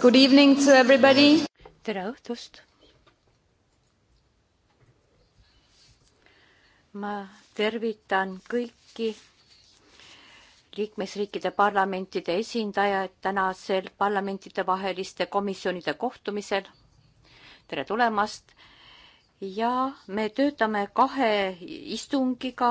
Good evening to everybody. tere õhtust. ma tervitan kõiki liikmesriikide parlamentide esindajaid tänasel parlamentidevaheliste komisjonide kohtumisel. tere tulemast ja me töötame kahe istungiga.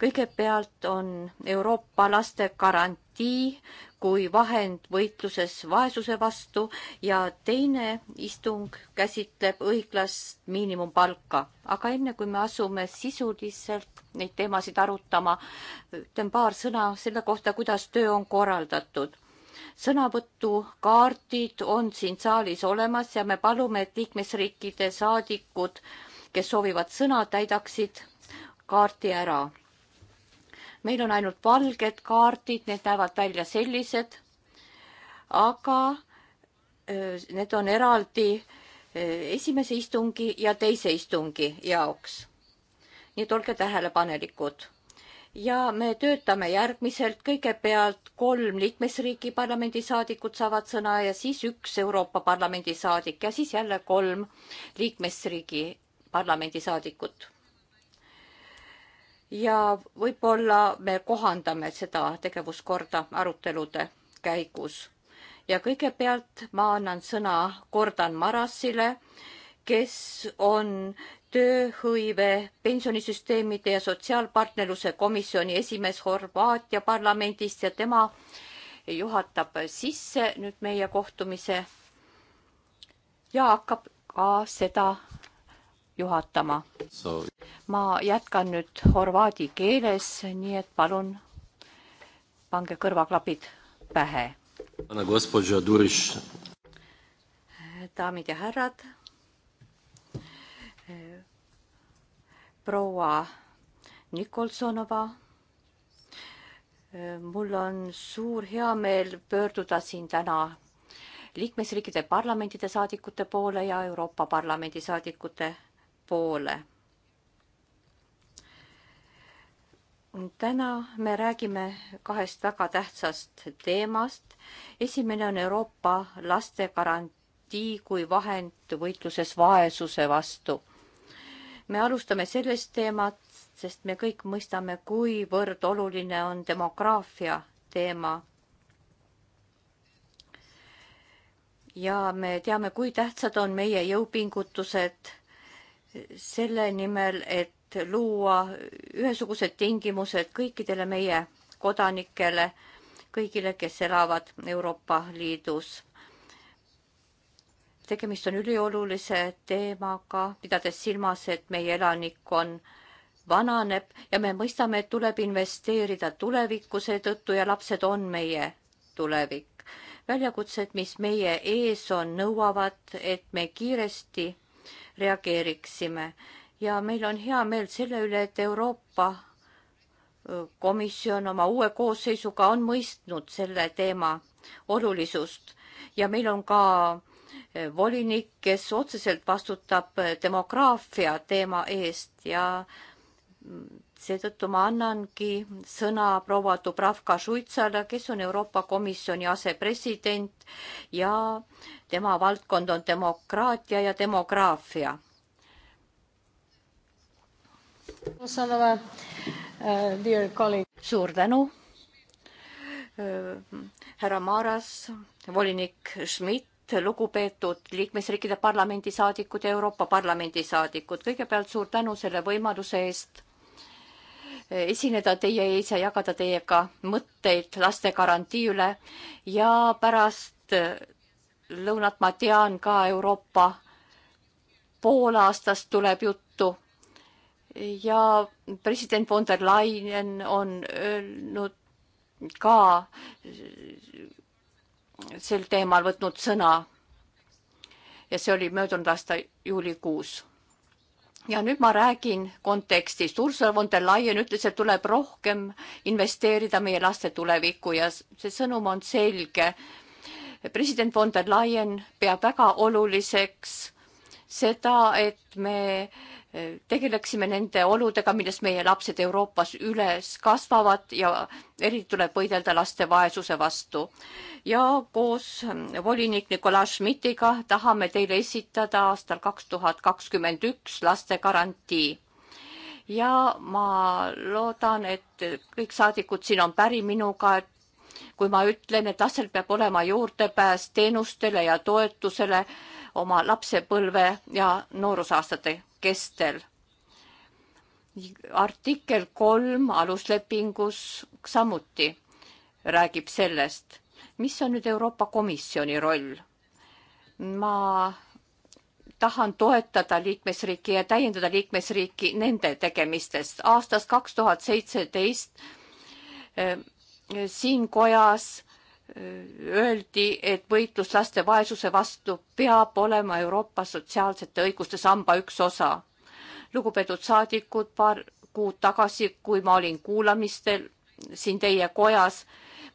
kõigepealt on Euroopa laste garant-, Haiti kui vahend võitluses vaesuse vastu ja teine istung käsitleb õiglast miinimumpalka. aga enne kui me asume sisuliselt neid teemasid arutama, ütlen paar sõna selle kohta, kuidas töö on korraldatud sõnavõtukaardid on siin saalis olemas ja me palume, et liikmesriikide saadikud, kes soovivad sõna, täidaksid kaarti ära meil on ainult valged kaardid, need näevad välja sellised, aga need on eraldi esimese istungi ja teise istungi jaoks. nii et olge tähelepanelikud ja me töötame järgmiselt, kõigepealt kolm liikmesriigi parlamendisaadikut saavad sõna ja siis üks Euroopa Parlamendi saadik ja siis jälle kolm liikmesriigi parlamendisaadikut ja võib-olla me kohandame seda tegevuskorda arutelude käigus. ja kõigepealt ma annan sõna Gordan Marasile, kes on tööhõive, pensionisüsteemide ja sotsiaalpartnerluse komisjoni esimees Horvaatia parlamendist ja tema juhatab sisse nüüd meie kohtumise ja hakkab ka seda juhatama. ma jätkan nüüd horvaadi keeles, nii et palun pange kõrvaklapid pähe. daamid ja härrad. proua Nikolsonova. mul on suur heameel pöörduda siin täna liikmesriikide parlamentide saadikute poole ja Euroopa Parlamendi saadikute poole. täna me räägime kahest väga tähtsast teemast. esimene on Euroopa lastegarantii kui vahend võitluses vaesuse vastu. me alustame sellest teemat, sest me kõik mõistame, kuivõrd oluline on demograafia teema ja me teame, kui tähtsad on meie jõupingutused selle nimel, et luua ühesugused tingimused kõikidele meie kodanikele, kõigile, kes elavad Euroopa Liidus tegemist on üliolulise teemaga, pidades silmas, et meie elanikkond vananeb ja me mõistame, et tuleb investeerida tulevikku seetõttu ja lapsed on meie tulevik. väljakutsed, mis meie ees on, nõuavad, et me kiiresti reageeriksime. ja meil on hea meel selle üle, et Euroopa Komisjon oma uue koosseisuga on mõistnud selle teema olulisust ja meil on ka volinik, kes otseselt vastutab demograafia teema eest ja seetõttu ma annangi sõna proua Dubravka Šuitsale, kes on Euroopa Komisjoni asepresident ja tema valdkond on demokraatia ja demograafia. Uh, suur tänu uh, härra Maaras, volinik Schmidt, lugupeetud liikmesriikide parlamendisaadikud ja Euroopa Parlamendi saadikud, kõigepealt suur tänu selle võimaluse eest esineda teie ees ja jagada teiega mõtteid laste garantii üle ja pärast äh, lõunat ma tean ka Euroopa poolaastast tuleb juttu ja president von der Leyen on öelnud ka äh, sel teemal võtnud sõna. ja see oli möödunud aasta juulikuus ja nüüd ma räägin kontekstist. Ursula von der Leyen ütles, et tuleb rohkem investeerida meie laste tulevikku ja see sõnum on selge. president von der Leyen peab väga oluliseks seda, et me tegeleksime nende oludega, milles meie lapsed Euroopas üles kasvavad ja eriti tuleb võidelda laste vaesuse vastu. ja koos ähm, volinik Nikolai Schmidtiga tahame teile esitada aastal kaks tuhat kakskümmend üks lastegarantii. ja ma loodan, et kõik saadikud siin on päri minuga, et kui ma ütlen, et lastel peab olema juurdepääs teenustele ja toetusele, oma lapsepõlve ja noorusaastate kestel. artikkel kolm aluslepingus samuti räägib sellest, mis on nüüd Euroopa Komisjoni roll. ma tahan toetada liikmesriiki ja täiendada liikmesriiki nende tegemistest. aastast kaks tuhat seitseteist eh, siin kojas öeldi, et võitlus laste vaesuse vastu peab olema Euroopa sotsiaalsete õiguste samba üks osa. lugupeetud saadikud, paar kuud tagasi, kui ma olin kuulamistel siin teie kojas,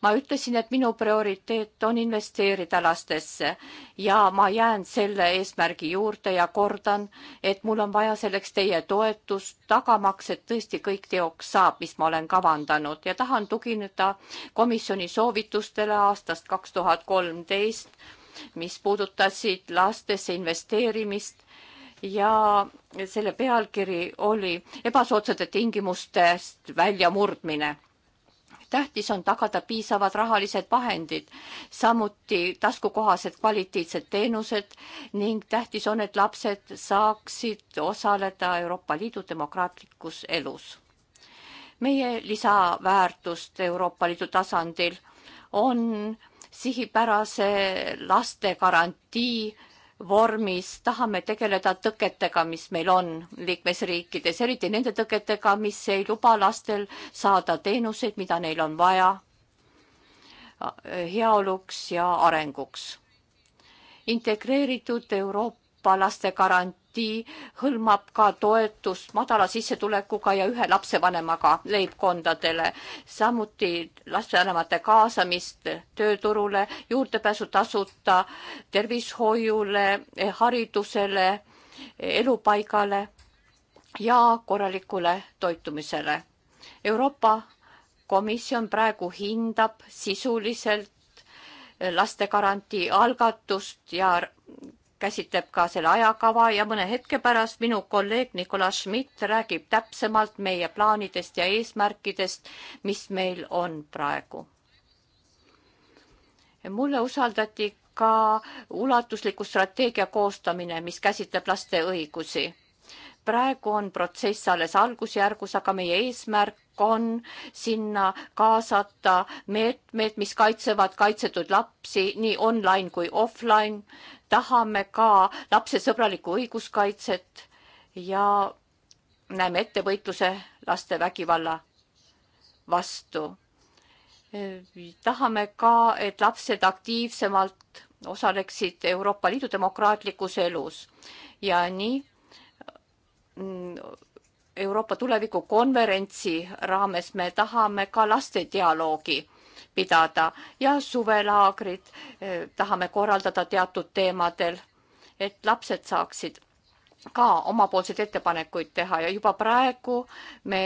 ma ütlesin, et minu prioriteet on investeerida lastesse ja ma jään selle eesmärgi juurde ja kordan, et mul on vaja selleks teie toetust, tagamaks, et tõesti kõik teoks saab, mis ma olen kavandanud ja tahan tugineda komisjoni soovitustele aastast kaks tuhat kolmteist, mis puudutasid lastesse investeerimist ja selle pealkiri oli ebasoodsate tingimustest väljamurdmine tähtis on tagada piisavad rahalised vahendid, samuti taskukohased kvaliteetsed teenused ning tähtis on, et lapsed saaksid osaleda Euroopa Liidu demokraatlikus elus. meie lisaväärtust Euroopa Liidu tasandil on sihipärase laste garantii vormis tahame tegeleda tõketega, mis meil on liikmesriikides, eriti nende tõketega, mis ei luba lastel saada teenuseid, mida neil on vaja heaoluks ja arenguks. integreeritud Euroopa Euroopa lastegarantii hõlmab ka toetust madala sissetulekuga ja ühe lapsevanemaga leibkondadele, samuti lastevanemate kaasamist tööturule, juurdepääsu tasuta tervishoiule, haridusele, elupaigale ja korralikule toitumisele. Euroopa Komisjon praegu hindab sisuliselt lastegarantii algatust ja käsitleb ka selle ajakava ja mõne hetke pärast minu kolleeg Nicolas Schmidt räägib täpsemalt meie plaanidest ja eesmärkidest, mis meil on praegu. mulle usaldati ka ulatusliku strateegia koostamine, mis käsitleb laste õigusi. praegu on protsess alles algusjärgus, aga meie eesmärk on sinna kaasata meetmed, mis kaitsevad kaitsetud lapsi nii online kui offline tahame ka lapsesõbralikku õiguskaitset ja näeme ette võitluse laste vägivalla vastu. tahame ka, et lapsed aktiivsemalt osaleksid Euroopa Liidu demokraatlikus elus ja nii mm, Euroopa tulevikukonverentsi raames me tahame ka laste dialoogi pidada ja suvelaagrid eh, tahame korraldada teatud teemadel, et lapsed saaksid ka omapoolseid ettepanekuid teha ja juba praegu me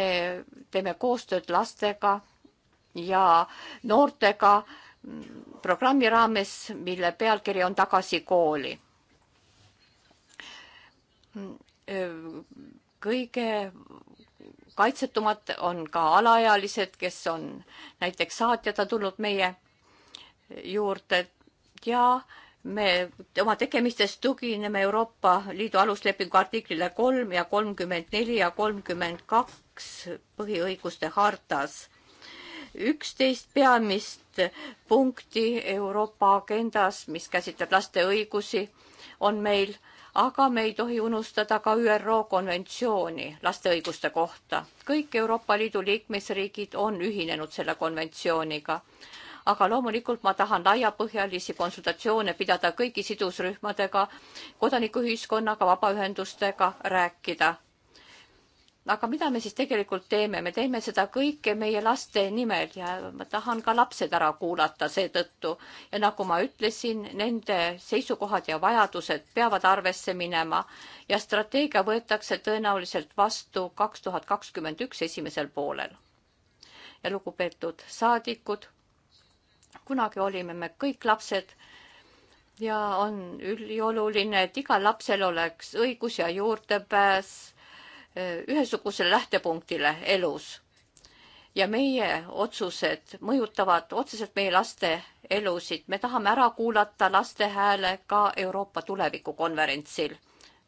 teeme koostööd lastega ja noortega programmi raames, mille pealkiri on Tagasi kooli. Mm, eh, kõige kaitsetumad on ka alaealised, kes on näiteks saatjata tulnud meie juurde ja me oma tegemistes tugineme Euroopa Liidu aluslepingu artiklile kolm ja kolmkümmend neli ja kolmkümmend kaks põhiõiguste hartas. üksteist peamist punkti Euroopa agendas, mis käsitleb laste õigusi, on meil aga me ei tohi unustada ka ÜRO konventsiooni laste õiguste kohta. kõik Euroopa Liidu liikmesriigid on ühinenud selle konventsiooniga. aga loomulikult ma tahan laiapõhjalisi konsultatsioone pidada kõigi sidusrühmadega, kodanikuühiskonnaga, vabaühendustega, rääkida aga mida me siis tegelikult teeme, me teeme seda kõike meie laste nimel ja ma tahan ka lapsed ära kuulata seetõttu ja nagu ma ütlesin, nende seisukohad ja vajadused peavad arvesse minema ja strateegia võetakse tõenäoliselt vastu kaks tuhat kakskümmend üks esimesel poolel. ja lugupeetud saadikud, kunagi olime me kõik lapsed ja on ülioluline, et igal lapsel oleks õigus ja juurdepääs ühesugusele lähtepunktile elus. ja meie otsused mõjutavad otseselt meie laste elusid. me tahame ära kuulata laste hääle ka Euroopa tulevikukonverentsil.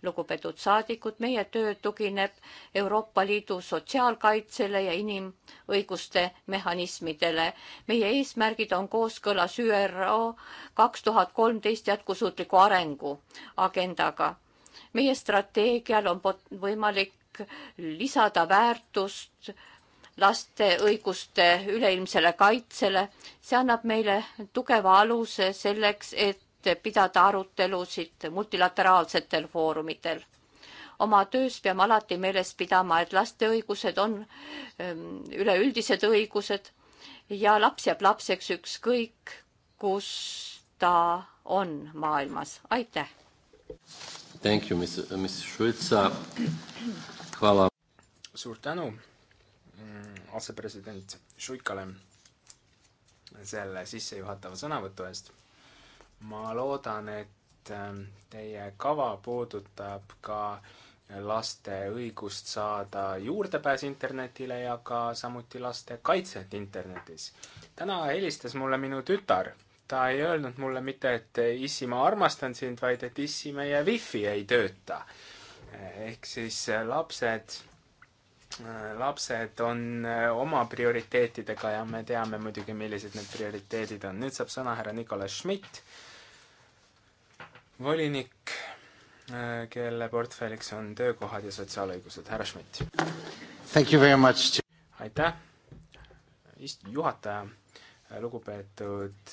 lugupeetud saadikud, meie töö tugineb Euroopa Liidu sotsiaalkaitsele ja inimõiguste mehhanismidele. meie eesmärgid on kooskõlas ÜRO kaks tuhat kolmteist jätkusuutliku arengu agendaga meie strateegial on võimalik eesmärk lisada väärtust laste õiguste üleilmsele kaitsele. see annab meile tugeva aluse selleks, et pidada arutelusid multilateraalsetel foorumitel. oma töös peame alati meeles pidama, et laste õigused on ähm, üleüldised õigused ja laps jääb lapseks ükskõik, kus ta on maailmas. aitäh! Thank you, Miss, Miss Schulza suur tänu mm, asepresident Šuikale selle sissejuhatava sõnavõtu eest. ma loodan, et ähm, teie kava puudutab ka laste õigust saada juurdepääs internetile ja ka samuti laste kaitset internetis. täna helistas mulle minu tütar. ta ei öelnud mulle mitte, et issi, ma armastan sind, vaid et issi, meie wifi ei tööta ehk siis äh, lapsed, äh, lapsed on äh, oma prioriteetidega ja me teame muidugi, millised need prioriteedid on. nüüd saab sõna härra Nicolas Schmidt, volinik, kelle portfelliks on töökohad ja sotsiaalõigused. härra Schmidt. aitäh, juhataja, lugupeetud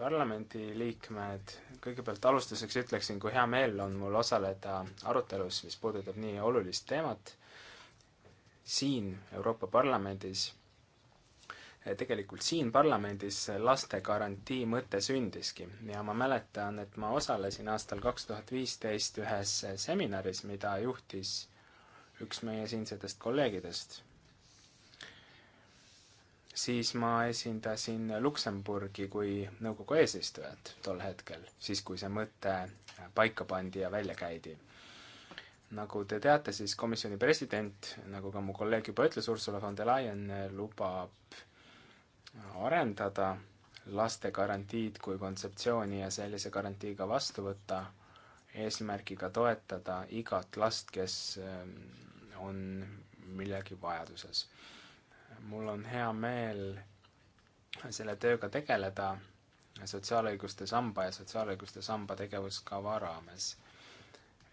parlamendiliikmed, kõigepealt alustuseks ütleksin, kui hea meel on mul osaleda arutelus, mis puudutab nii olulist teemat siin Euroopa Parlamendis. tegelikult siin parlamendis laste garantii mõte sündiski ja ma mäletan, et ma osalesin aastal kaks tuhat viisteist ühes seminaris, mida juhtis üks meie siinsetest kolleegidest siis ma esindasin Luksemburgi kui nõukogu eesistujat tol hetkel, siis kui see mõte äh, paika pandi ja välja käidi. nagu te teate, siis komisjoni president, nagu ka mu kolleeg juba ütles, Ursula von der Leyen äh, lubab arendada laste garantiid kui kontseptsiooni ja sellise garantiiga vastu võtta, eesmärgiga toetada igat last, kes ähm, on millegi vajaduses mul on hea meel selle tööga tegeleda sotsiaalõiguste samba ja sotsiaalõiguste samba tegevuskava raames.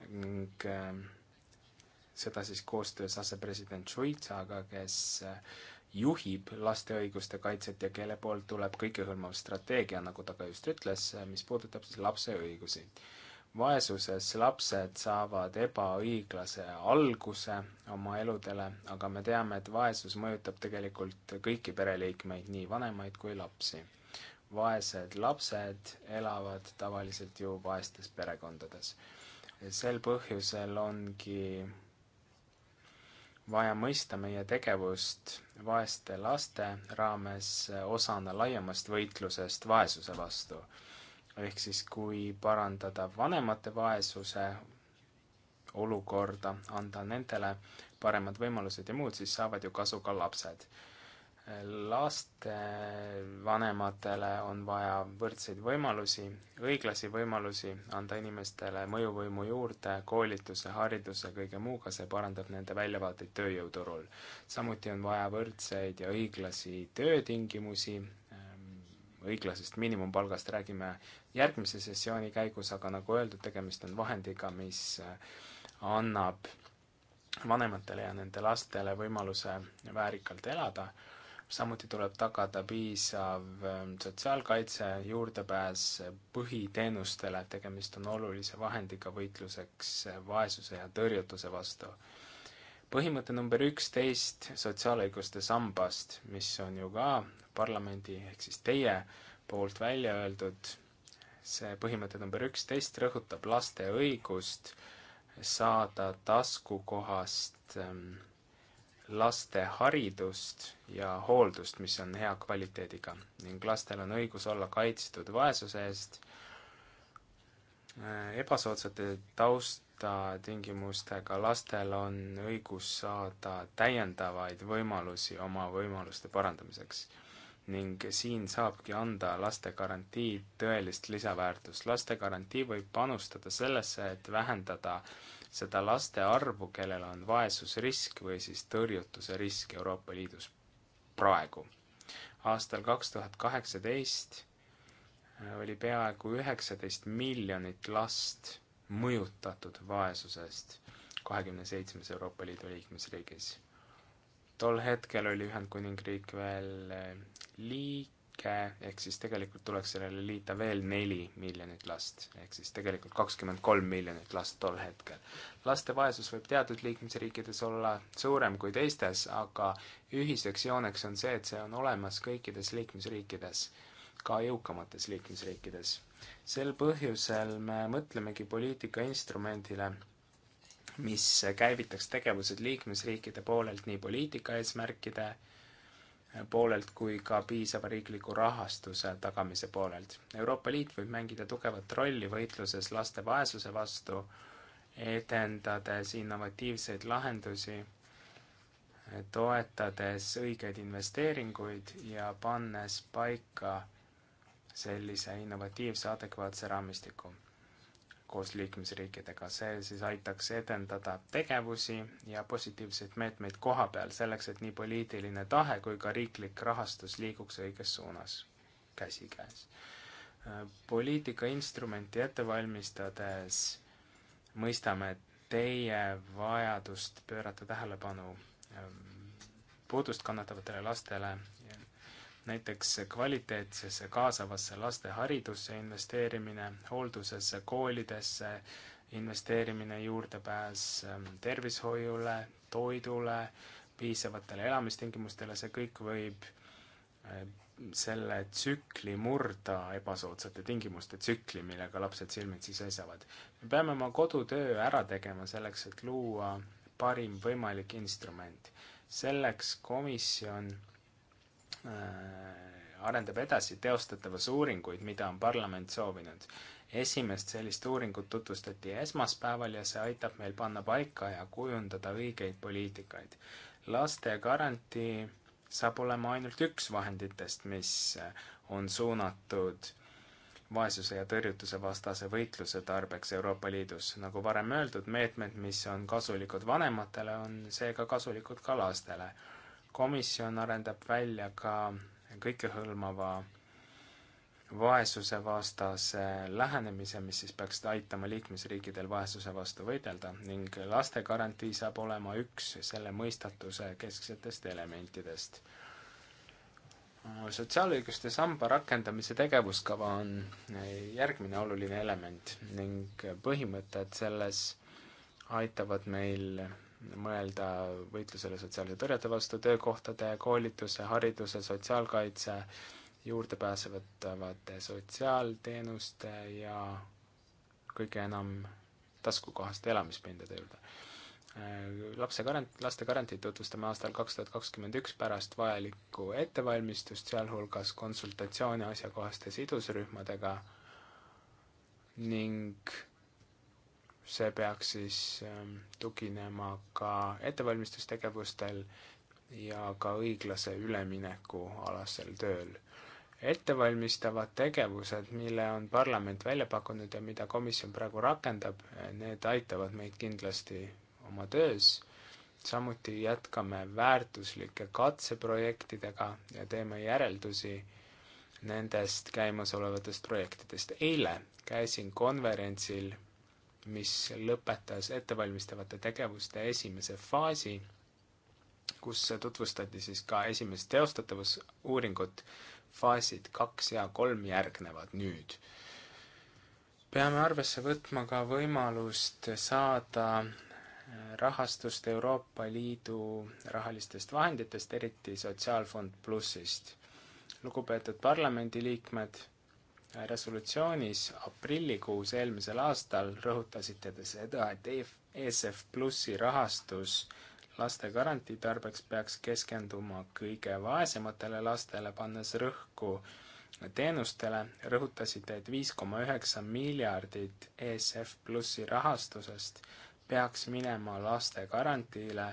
ning äh, seda siis koostöös asepresident Šuitsaga, kes äh, juhib laste õiguste kaitset ja kelle poolt tuleb kõikehõlmav strateegia, nagu ta ka just ütles, äh, mis puudutab siis lapse õigusi vaesuses lapsed saavad ebaõiglase alguse oma eludele, aga me teame, et vaesus mõjutab tegelikult kõiki pereliikmeid, nii vanemaid kui lapsi. vaesed lapsed elavad tavaliselt ju vaestes perekondades. sel põhjusel ongi vaja mõista meie tegevust vaeste laste raames osana laiemast võitlusest vaesuse vastu ehk siis kui parandada vanemate vaesuse olukorda, anda nendele paremad võimalused ja muud, siis saavad ju kasu ka lapsed. laste vanematele on vaja võrdseid võimalusi, õiglasi võimalusi, anda inimestele mõjuvõimu juurde koolituse, hariduse, kõige muuga, see parandab nende väljavaateid tööjõuturul. samuti on vaja võrdseid ja õiglasi töötingimusi, õiglasest miinimumpalgast räägime järgmise sessiooni käigus, aga nagu öeldud, tegemist on vahendiga, mis äh, annab vanematele ja nende lastele võimaluse väärikalt elada, samuti tuleb tagada piisav äh, sotsiaalkaitse, juurdepääs põhiteenustele, tegemist on olulise vahendiga võitluseks äh, vaesuse ja tõrjutuse vastu. põhimõte number üksteist sotsiaalõiguste sambast, mis on ju ka parlamendi ehk siis teie poolt välja öeldud see põhimõte number üksteist rõhutab laste õigust saada taskukohast ehm, laste haridust ja hooldust, mis on hea kvaliteediga ning lastel on õigus olla kaitstud vaesuse eest, ehm, ebasoodsate taustatingimustega lastel on õigus saada täiendavaid võimalusi oma võimaluste parandamiseks ning siin saabki anda laste garantii tõelist lisaväärtust. laste garantii võib panustada sellesse, et vähendada seda laste arvu, kellel on vaesusrisk või siis tõrjutuse risk Euroopa Liidus praegu. aastal kaks tuhat kaheksateist äh, oli peaaegu üheksateist miljonit last mõjutatud vaesusest kahekümne seitsmes Euroopa Liidu liikmesriigis tol hetkel oli Ühendkuningriik veel eh, liige, ehk siis tegelikult tuleks sellele liita veel neli miljonit last, ehk siis tegelikult kakskümmend kolm miljonit last tol hetkel. laste vaesus võib teatud liikmesriikides olla suurem kui teistes, aga ühiseks jooneks on see, et see on olemas kõikides liikmesriikides, ka jõukamates liikmesriikides. sel põhjusel me mõtlemegi poliitika instrumendile mis käivitaks tegevused liikmesriikide poolelt nii poliitika eesmärkide äh, poolelt kui ka piisava riikliku rahastuse tagamise poolelt. Euroopa Liit võib mängida tugevat rolli võitluses laste vaesuse vastu, edendades innovatiivseid lahendusi, äh, toetades õigeid investeeringuid ja pannes paika sellise innovatiivse adekvaatse raamistiku koos liikmesriikidega, see siis aitaks edendada tegevusi ja positiivseid meetmeid koha peal, selleks et nii poliitiline tahe kui ka riiklik rahastus liiguks õiges suunas käsikäes. poliitikainstrumenti ette valmistades mõistame teie vajadust pöörata tähelepanu ehm, puudust kannatavatele lastele näiteks kvaliteetsesse kaasavasse lasteharidusse investeerimine, hooldusesse, koolidesse investeerimine, juurdepääs ähm, tervishoiule, toidule, piisavatele elamistingimustele, see kõik võib äh, selle tsükli murda, ebasoodsate tingimuste tsükli, millega lapsed silmitsi seisavad. me peame oma kodutöö ära tegema selleks, et luua parim võimalik instrument. selleks komisjon Äh, arendab edasi teostatavas uuringuid, mida on parlament soovinud. esimest sellist uuringut tutvustati esmaspäeval ja see aitab meil panna paika ja kujundada õigeid poliitikaid. lastegarantii saab olema ainult üks vahenditest, mis äh, on suunatud vaesuse ja tõrjutuse vastase võitluse tarbeks Euroopa Liidus. nagu varem öeldud, meetmed, mis on kasulikud vanematele, on seega kasulikud ka lastele komisjon arendab välja ka kõikehõlmava vaesusevastase lähenemise, mis siis peaks aitama liikmesriikidel vaesuse vastu võidelda ning lastegarantii saab olema üks selle mõistatuse kesksetest elementidest. sotsiaalõiguste samba rakendamise tegevuskava on järgmine oluline element ning põhimõtted selles aitavad meil mõelda võitlusele sotsiaalse tõrjete vastu, töökohtade, koolituse, hariduse, sotsiaalkaitse, juurdepääsetavate sotsiaalteenuste ja kõige enam taskukohaste elamispindade juurde. lapse garant-, laste garantiid tutvustame aastal kaks tuhat kakskümmend üks pärast vajalikku ettevalmistust, sealhulgas konsultatsioone asjakohaste sidusrühmadega ning see peaks siis ähm, tuginema ka ettevalmistustegevustel ja ka õiglase ülemineku alasel tööl. ettevalmistavad tegevused, mille on parlament välja pakkunud ja mida komisjon praegu rakendab, need aitavad meid kindlasti oma töös. samuti jätkame väärtuslike katseprojektidega ja teeme järeldusi nendest käimasolevatest projektidest. eile käisin konverentsil mis lõpetas ettevalmistavate tegevuste esimese faasi, kus tutvustati siis ka esimest teostatavusuuringut. faasid kaks ja kolm järgnevad nüüd. peame arvesse võtma ka võimalust saada rahastust Euroopa Liidu rahalistest vahenditest, eriti Sotsiaalfond Plussist. lugupeetud parlamendiliikmed resolutsioonis aprillikuus eelmisel aastal rõhutasite te seda, et ESF e Plussi rahastus lastegarantii tarbeks peaks keskenduma kõige vaesematele lastele, pannes rõhku teenustele, rõhutasite, et viis koma üheksa miljardit ESF Plussi rahastusest peaks minema lastegarantiile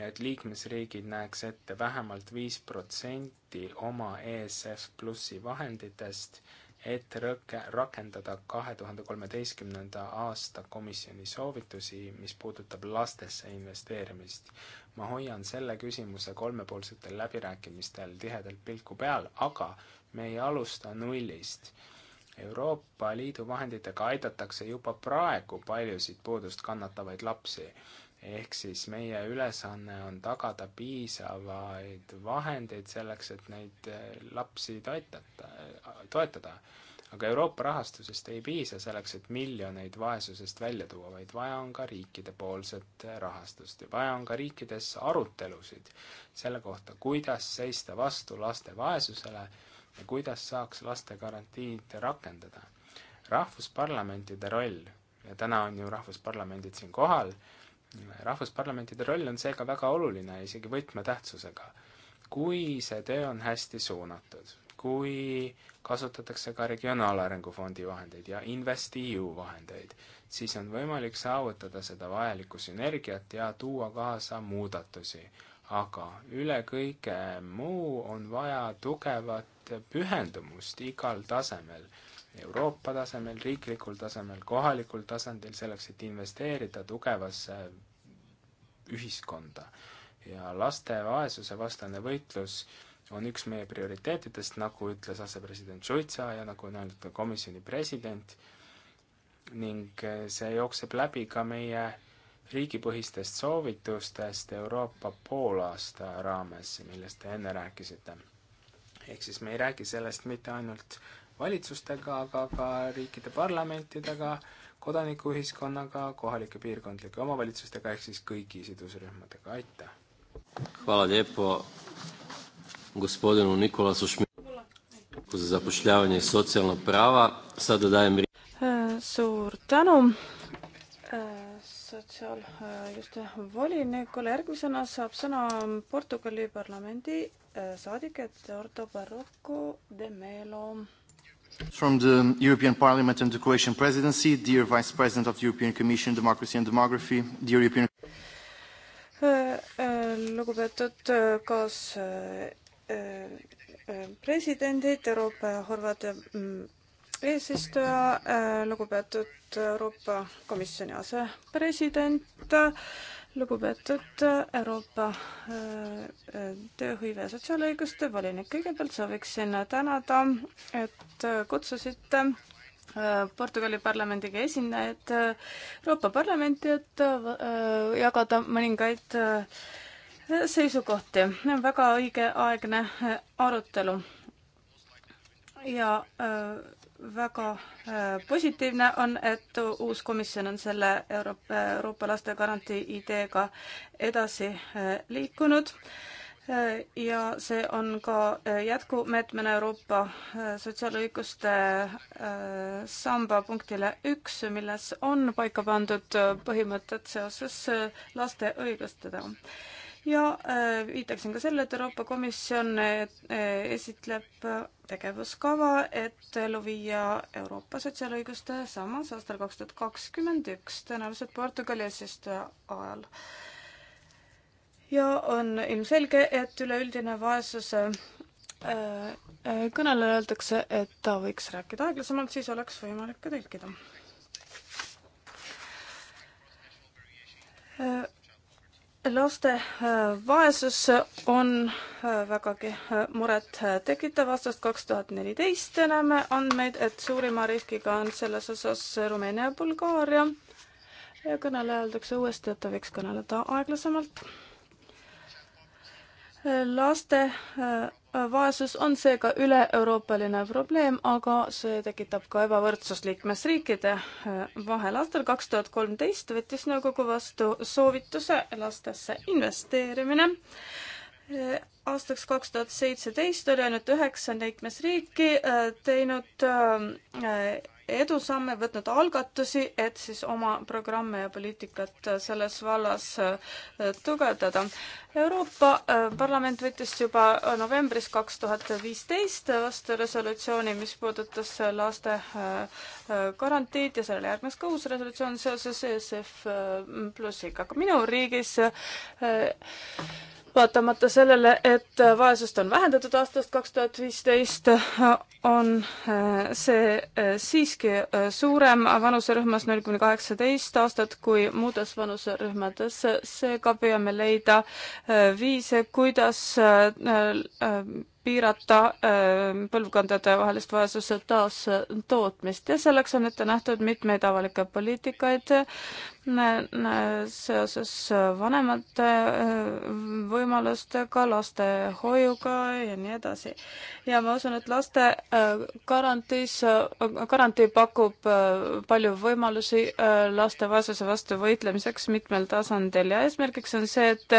ja et liikmesriigid näeks ette vähemalt viis protsenti oma ESF Plussi vahenditest et rõke, rakendada kahe tuhande kolmeteistkümnenda aasta komisjoni soovitusi, mis puudutab lastesse investeerimist. ma hoian selle küsimuse kolmepoolsetel läbirääkimistel tihedalt pilku peal, aga me ei alusta nullist. Euroopa Liidu vahenditega aidatakse juba praegu paljusid puudust kannatavaid lapsi ehk siis meie ülesanne on tagada piisavaid vahendeid selleks, et neid äh, lapsi toetata, äh, toetada. aga Euroopa rahastusest ei piisa selleks, et miljoneid vaesusest välja tuua, vaid vaja on ka riikidepoolset äh, rahastust ja vaja on ka riikides arutelusid selle kohta, kuidas seista vastu laste vaesusele ja kuidas saaks laste garantiid rakendada. rahvusparlamentide roll, ja täna on ju rahvusparlamendid siin kohal, rahvusparlamentide roll on seega väga oluline, isegi võtmetähtsusega. kui see töö on hästi suunatud, kui kasutatakse ka Regionaalarengu Fondi vahendeid ja InvestEU vahendeid, siis on võimalik saavutada seda vajalikku sünergiat ja tuua kaasa muudatusi. aga üle kõige muu on vaja tugevat pühendumust igal tasemel Euroopa tasemel, riiklikul tasemel, kohalikul tasandil, selleks et investeerida tugevasse ühiskonda. ja laste vaesuse vastane võitlus on üks meie prioriteetidest, nagu ütles asepresident Šuitsa ja nagu on öelnud ka komisjoni president, ning eh, see jookseb läbi ka meie riigipõhistest soovitustest Euroopa poolaasta raames, millest te enne rääkisite. ehk siis me ei räägi sellest mitte ainult äh, valitsustega, aga ka riikide parlamentidega, kodanikuühiskonnaga, kohalike piirkondlike omavalitsustega, ehk siis kõigi sidusrühmadega, aitäh! E, suur tänu e, sotsiaalõiguste e, volinikule, järgmisena saab sõna Portugali parlamendi saadik Eduardo Barroco de Melo From the European Parliament and the Croatian Presidency, dear Vice President of the European Commission, Democracy and Demography, the European äh, äh, lugupeetud äh, kaas presidendid, Euroopa Horvaatia mm, eesistuja, lugupeetud Euroopa Komisjoni asepresident, lugupeetud äh, Euroopa äh, äh, tööhõive ja sotsiaalõiguste volinik, kõigepealt sooviksin tänada, et kutsusite Portugali parlamendiga esinejad Euroopa Parlamenti, et jagada mõningaid seisukohti. väga õigeaegne arutelu ja öö, väga äh, positiivne on, et uus komisjon on selle äh, Euroopa, Euroopa lastegarantii ideega edasi äh, liikunud ja see on ka jätkumeetmena Euroopa sotsiaalõiguste samba punktile üks, milles on paika pandud põhimõtted seoses laste õigustega ja äh, viitaksin ka selle, et Euroopa Komisjon äh, äh, esitleb tegevuskava, et ellu viia Euroopa sotsiaalõiguste sammas aastal kaks tuhat kakskümmend üks, tõenäoliselt Portugali eesistuja ajal. ja on ilmselge, et üleüldine vaesuse kõnele öeldakse, et ta võiks rääkida aeglasemalt, siis oleks võimalik ka tõlkida laste äh, vaesus on äh, vägagi äh, muret tekitav. aastast kaks tuhat neliteist näeme andmeid, et suurima riskiga on selles osas Rumeenia ja Bulgaaria. kõneleja öeldakse uuesti, et ta võiks kõneleda aeglasemalt. laste vaesus on seega üle-euroopaline probleem, aga see tekitab ka ebavõrdsust liikmesriikide äh, vahel. aastal kaks tuhat kolmteist võttis nõukogu vastu soovituse lastesse investeerimine. Äh, aastaks kaks tuhat seitseteist oli ainult üheksa liikmesriiki äh, teinud edusamme, võtnud algatusi, et siis oma programme ja poliitikat äh, selles vallas äh, tugevdada. Euroopa äh, Parlament võttis juba novembris kaks tuhat viisteist vastu resolutsiooni, mis puudutas laste garantiid ja sellele järgnes ka uus resolutsioon seoses ESF Plussiga, aga minu riigis vaatamata sellele, et äh, vaesust on vähendatud aastast kaks tuhat viisteist, äh, on äh, see siiski suurem vanuserühmas null kuni kaheksateist aastat kui muudes vanuserühmades. seega püüame leida viise, kuidas piirata põlvkondadevahelist vaesuse taastootmist ja selleks on ette nähtud mitmeid avalikke poliitikaid võrdne seoses äh, vanemate äh, võimalustega, lastehoiuga ja nii edasi. ja ma usun, et laste äh, garantiis, garantii pakub palju võimalusi laste vaesuse vastu võitlemiseks mitmel tasandil ja eesmärgiks on see, et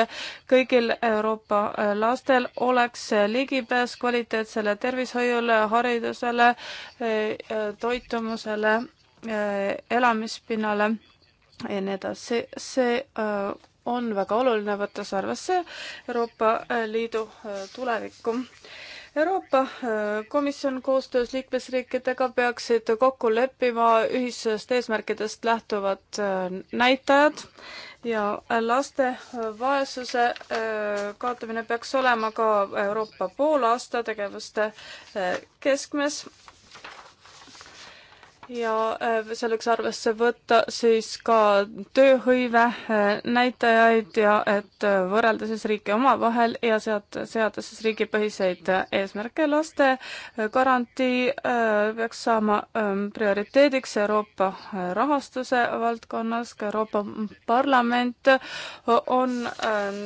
kõigil Euroopa lastel oleks ligipääs kvaliteetsele tervishoiule, haridusele, toitumusele, elamispinnale ja nii edasi, see äh, on väga oluline, võttes arvesse Euroopa äh, Liidu äh, tulevikku. Euroopa Komisjon koostöös liikmesriikidega peaksid kokku leppima ühistest eesmärkidest lähtuvad näitajad ja laste vaesuse kaotamine peaks olema ka Euroopa poolaasta tegevuste keskmes ja äh, selleks arvesse võtta siis ka tööhõive äh, näitajaid ja et äh, võrrelda siis riike omavahel ja sead-, seada siis riigipõhiseid eesmärke. laste garantii peaks saama ähm, prioriteediks Euroopa rahastuse valdkonnas, ka Euroopa Parlament on ähm,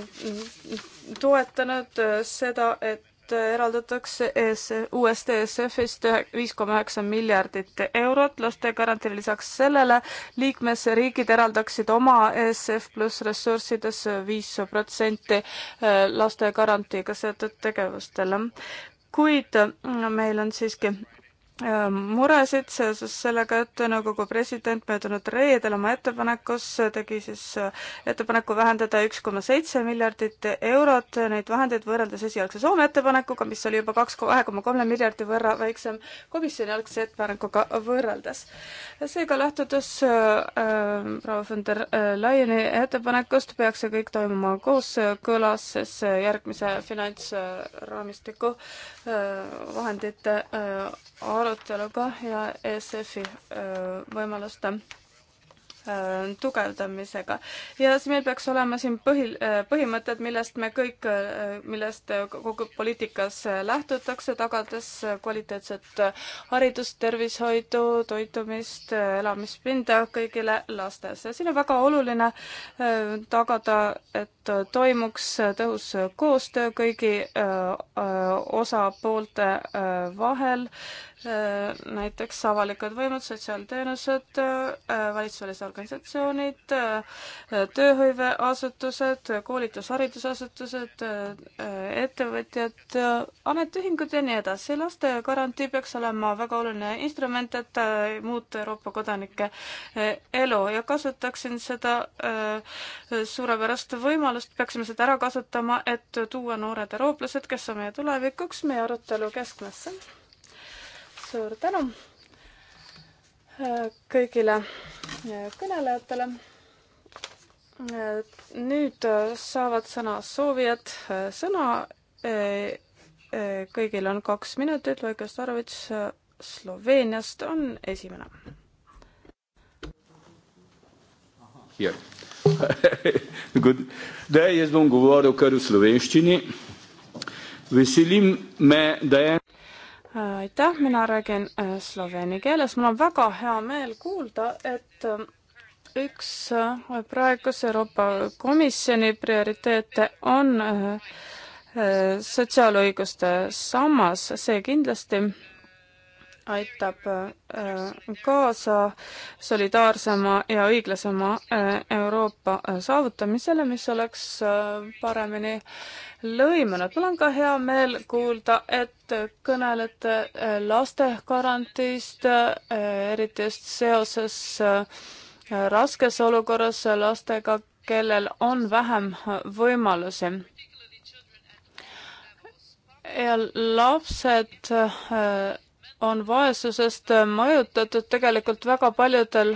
toetanud seda, et eraldatakse ES, uuest ESF-ist viis koma üheksa miljardit eurot lastegarantiile, lisaks sellele liikmesriigid eraldaksid oma ESF pluss ressurssides viis protsenti äh, lastegarantiiga seotud tegevustele. kuid meil on siiski Äh, muresid seoses sellega, et nõukogu president möödunud reedel oma ettepanekus tegi siis äh, ettepaneku vähendada üks koma seitse miljardit eurot äh, neid vahendeid võrreldes esialgse Soome ettepanekuga, mis oli juba kaks, kahe koma kolme miljardi võrra väiksem komisjoni algse ettepanekuga võrreldes. seega lähtudes proua äh, von der Leyeni ettepanekust, peaks see kõik toimuma kooskõlas siis järgmise finantsraamistiku äh, vahendite äh, aruteluga ja ESF-i võimaluste tugevdamisega. ja siis meil peaks olema siin põhi, põhimõtted, millest me kõik, millest kogu poliitikas lähtutakse, tagades kvaliteetset haridust, tervishoidu, toitumist, elamispinda kõigile lastes. ja siin on väga oluline tagada, et toimuks tõhus koostöö kõigi osapoolte vahel Äh, näiteks avalikud võimud, sotsiaalteenused, äh, valitsusvälised organisatsioonid, äh, tööhõiveasutused, koolitus, haridusasutused, ettevõtjad, ametiühingud ja nii edasi. laste garantii peaks olema väga oluline instrument, et muuta Euroopa kodanike elu ja kasutaksin seda suurepärast võimalust, peaksime seda ära kasutama, et tuua noored eurooplased, kes on meie tulevikuks, meie arutelu keskmesse suur tänu äh, kõigile äh, kõnelejatele. Äh, nüüd saavad sõna soovijad sõna. kõigil on kaks minutit, Vaiko Starovitš Sloveeniast on esimene. Zdaj jaz bom govoril kar v slovenščini. Veselim me, da je aitäh, mina räägin äh, sloveeni keeles, mul on väga hea meel kuulda, et äh, üks äh, praeguse Euroopa Komisjoni prioriteete on sotsiaalõiguste sammas, see kindlasti aitab kaasa solidaarsema ja õiglasema Euroopa saavutamisele, mis oleks paremini lõimunud. mul on ka hea meel kuulda, et kõnelete äh, lastegarantiist, äh, eriti just seoses äh, raskes olukorras lastega, kellel on vähem võimalusi ja lapsed on vaesusest mõjutatud tegelikult väga paljudel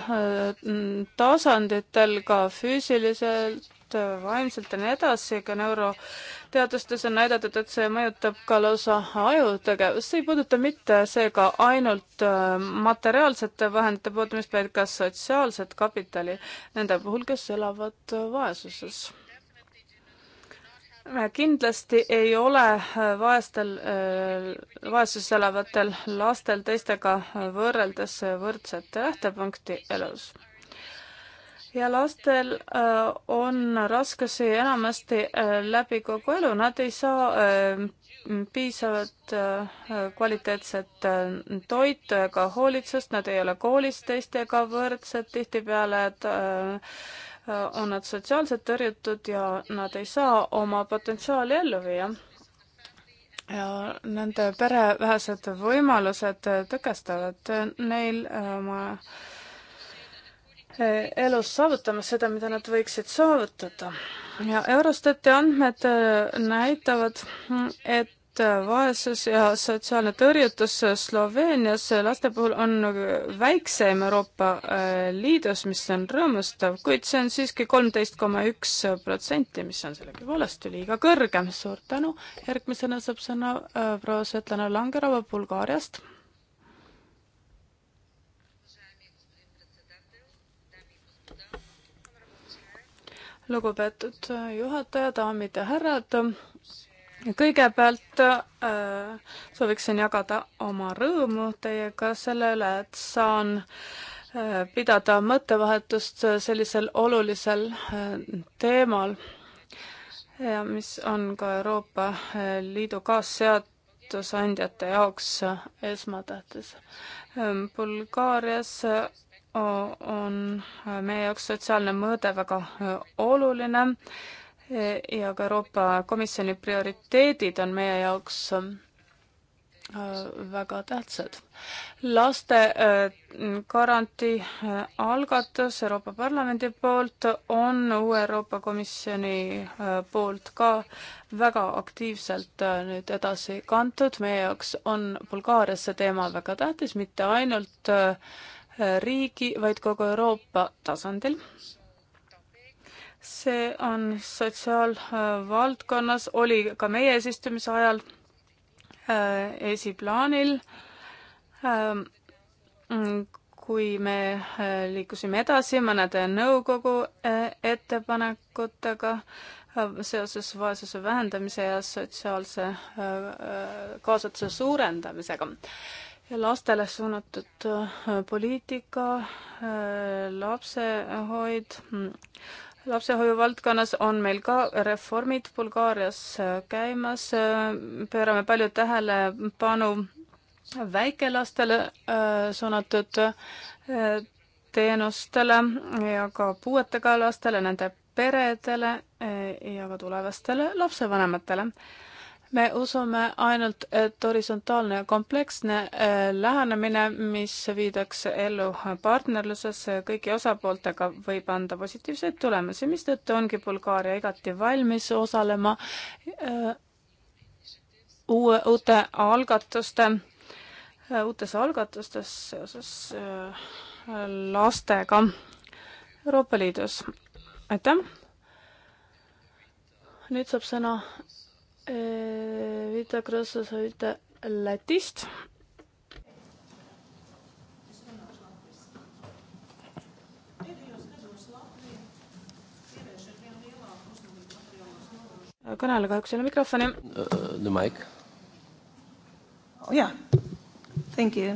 tasanditel, ka füüsiliselt, vaimselt ja nii edasi, ka neuro teadustes on näidatud, et see mõjutab ka lausa ajutegevust, see ei puuduta mitte seega ainult äh, materiaalsete vahendite puudumist, vaid ka sotsiaalset kapitali nende puhul, kes elavad äh, vaesuses kindlasti ei ole äh, vaestel, vaesuses elavatel lastel teistega võrreldes võrdset lähtepunkti elus ja lastel äh, on raskusi enamasti äh, läbi kogu elu, nad ei saa äh, piisavat äh, kvaliteetset äh, toitu ega hoolitsust, nad ei ole koolis teistega võrdsed, tihtipeale äh, on nad sotsiaalselt tõrjutud ja nad ei saa oma potentsiaali ellu viia ja nende pere vähesed võimalused tõkestavad neil oma äh, elus saavutamas seda, mida nad võiksid saavutada. ja Eurostati andmed äh, näitavad, et vaesus ja sotsiaalne tõrjutus Sloveenias laste puhul on väikseim Euroopa äh, Liidus, mis on rõõmustav, kuid see on siiski kolmteist koma üks protsenti, mis on sellegipoolest liiga kõrgem. suur tänu, järgmisena saab sõna äh, proua Svetlana Langerova Bulgaariast lugupeetud äh, juhataja, daamid ja härrad. kõigepealt äh, sooviksin jagada oma rõõmu teiega selle üle, et saan äh, pidada mõttevahetust äh, sellisel olulisel äh, teemal, mis on ka Euroopa äh, Liidu kaasseadusandjate jaoks esmatähtis. Bulgaarias on meie jaoks sotsiaalne mõõde väga e, oluline e, ja ka Euroopa Komisjoni prioriteedid on meie jaoks e, väga tähtsad. laste garantii algatus Euroopa Parlamendi poolt on uue Euroopa Komisjoni poolt ka väga aktiivselt nüüd edasi kantud. meie jaoks on Bulgaarias see teema väga tähtis, mitte ainult äh, riigi, vaid kogu Euroopa tasandil. see on sotsiaalvaldkonnas, oli ka meie eesistumise ajal äh, esiplaanil, ähm, kui me äh, liikusime edasi mõnede nõukogu äh, ettepanekutega seoses vaesuse vähendamise ja sotsiaalse kaasatuse suurendamisega lastele suunatud äh, poliitika, äh, lapsehoid, lapsehoiu valdkonnas on meil ka reformid Bulgaarias äh, käimas, pöörame palju tähelepanu väikelastele suunatud teenustele ja ka puuetega lastele, nende peredele ja ka tulevastele lapsevanematele me usume ainult, et horisontaalne ja kompleksne äh, lähenemine, mis viidakse ellu partnerluses kõigi osapooltega, võib anda positiivseid tulemusi, mistõttu ongi Bulgaaria igati valmis osalema äh, uue, uute algatuste, äh, uutes algatustes seoses lastega Euroopa Liidus. aitäh! nüüd saab sõna Vita Grosso, sa olid Lätist. kõnele kahjuks ei ole mikrofoni uh,. The mic. jaa, oh, thank you.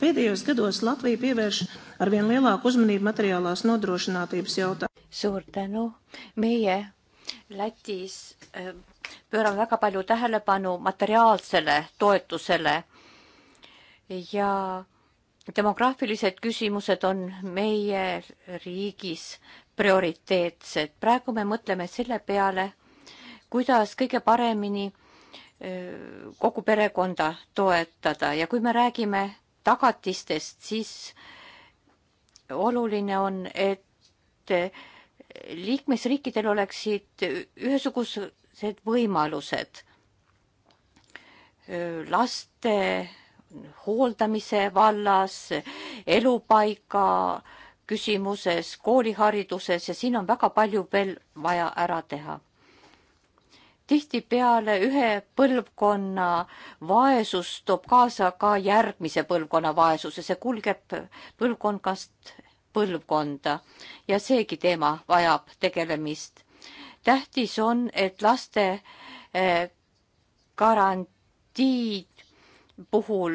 Pēdējos gados Latvija pievērš arvien lielāku uzmanību materiālās nodrošinātības jautājumam. Suur tänu. Meie Lätis äh, pöörame väga palju tähelepanu materiaalsele toetusele ja demograafilised küsimused on meie riigis prioriteetsed. praegu me mõtleme selle peale, kuidas kõige paremini äh, kogu perekonda toetada ja kui me räägime tagatistest, siis oluline on, et äh, liikmesriikidel oleksid ühesugused võimalused laste hooldamise vallas, elupaiga küsimuses, koolihariduses ja siin on väga palju veel vaja ära teha. tihtipeale ühe põlvkonna vaesus toob kaasa ka järgmise põlvkonna vaesuse, see kulgeb põlvkonnast põlvkonda ja seegi teema vajab tegelemist. tähtis on, et laste eh, garantiid puhul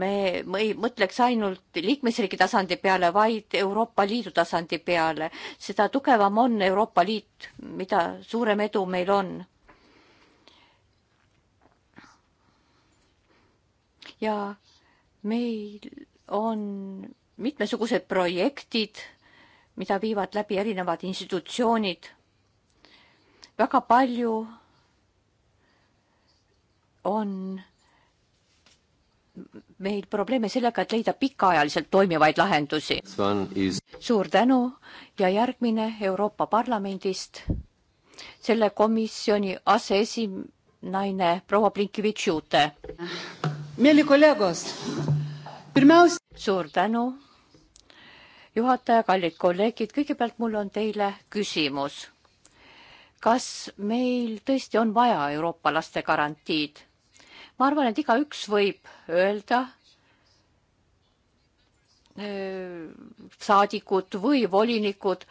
me, me ei mõtleks ainult liikmesriigi tasandi peale, vaid Euroopa Liidu tasandi peale. seda tugevam on Euroopa Liit, mida suurem edu meil on. ja meil on mitmesugused projektid, mida viivad läbi erinevad institutsioonid. väga palju on meil probleeme sellega, et leida pikaajaliselt toimivaid lahendusi. Is... suur tänu ja järgmine Euroopa Parlamendist selle komisjoni aseesinaine proua Blinkivitš-Jute. suur tänu juhataja, kallid kolleegid, kõigepealt mul on teile küsimus. kas meil tõesti on vaja euroopalaste garantiid? ma arvan, et igaüks võib öelda, äh, saadikud või volinikud,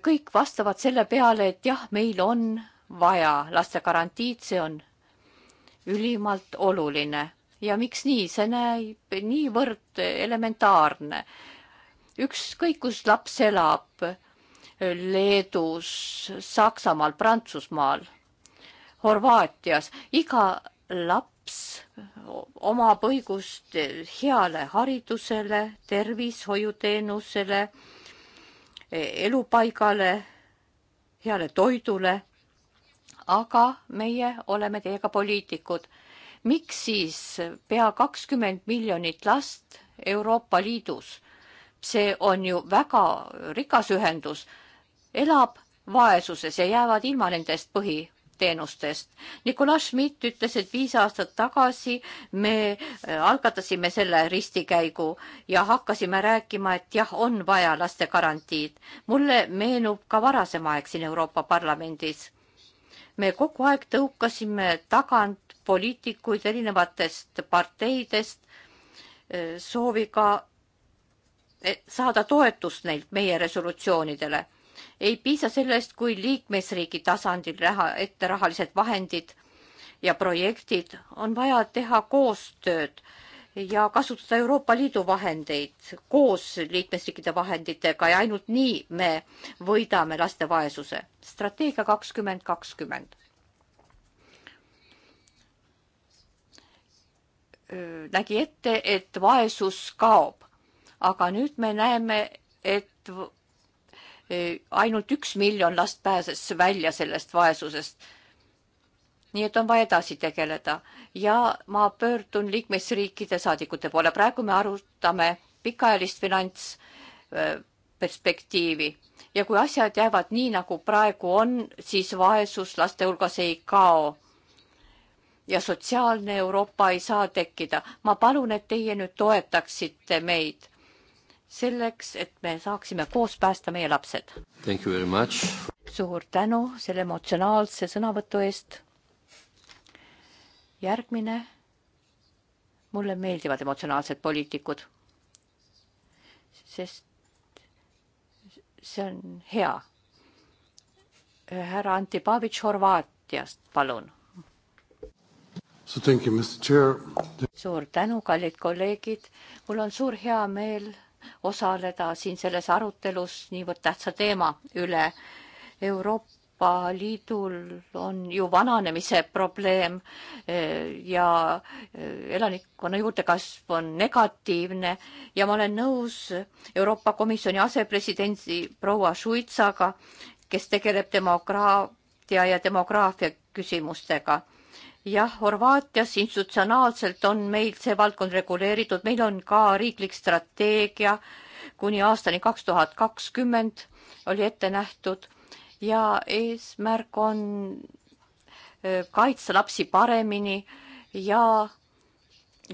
kõik vastavad selle peale, et jah, meil on vaja lastegarantiid, see on ülimalt oluline ja miks nii, see näib niivõrd elementaarne ükskõik, kus laps elab, Leedus, Saksamaal, Prantsusmaal, Horvaatias, iga laps omab õigust heale haridusele, tervishoiuteenusele, elupaigale, heale toidule. aga meie oleme teiega poliitikud. miks siis pea kakskümmend miljonit last Euroopa Liidus see on ju väga rikas ühendus, elab vaesuses ja jäävad ilma nendest põhiteenustest. Nicolas Schmidt ütles, et viis aastat tagasi me äh, algatasime selle ristikäigu ja hakkasime rääkima, et jah, on vaja laste garantiid. mulle meenub ka varasem aeg siin Euroopa Parlamendis. me kogu aeg tõukasime tagant poliitikuid erinevatest parteidest äh, sooviga Eh, saada toetust neilt meie resolutsioonidele. ei piisa sellest, kui liikmesriigi tasandil raha, ette rahalised vahendid ja projektid, on vaja teha koostööd ja kasutada Euroopa Liidu vahendeid koos liikmesriikide vahenditega ja ainult nii me võidame laste vaesuse. strateegia kakskümmend kakskümmend. nägi ette, et vaesus kaob aga nüüd me näeme, et e, ainult üks miljon last pääses välja sellest vaesusest. nii et on vaja edasi tegeleda ja ma pöördun liikmesriikide saadikute poole. praegu me arutame pikaajalist finantsperspektiivi e, ja kui asjad jäävad nii, nagu praegu on, siis vaesus laste hulgas ei kao. ja sotsiaalne Euroopa ei saa tekkida. ma palun, et teie nüüd toetaksite meid selleks, et me saaksime koos päästa meie lapsed. suur tänu selle emotsionaalse sõnavõtu eest. järgmine. mulle meeldivad emotsionaalsed poliitikud. sest see on hea. härra Anti Pavic Horvaatiast, palun. suur tänu, kallid kolleegid. mul on suur hea meel osaleda siin selles arutelus niivõrd tähtsa teema üle. Euroopa Liidul on ju vananemise probleem eh, ja eh, elanikkonna juurdekasv on negatiivne ja ma olen nõus Euroopa Komisjoni asepresidendi proua Šuitsaga, kes tegeleb demokraatia ja demograafia küsimustega jah, Horvaatias institutsionaalselt on meil see valdkond reguleeritud, meil on ka riiklik strateegia kuni aastani kaks tuhat kakskümmend oli ette nähtud ja eesmärk on äh, kaitsta lapsi paremini ja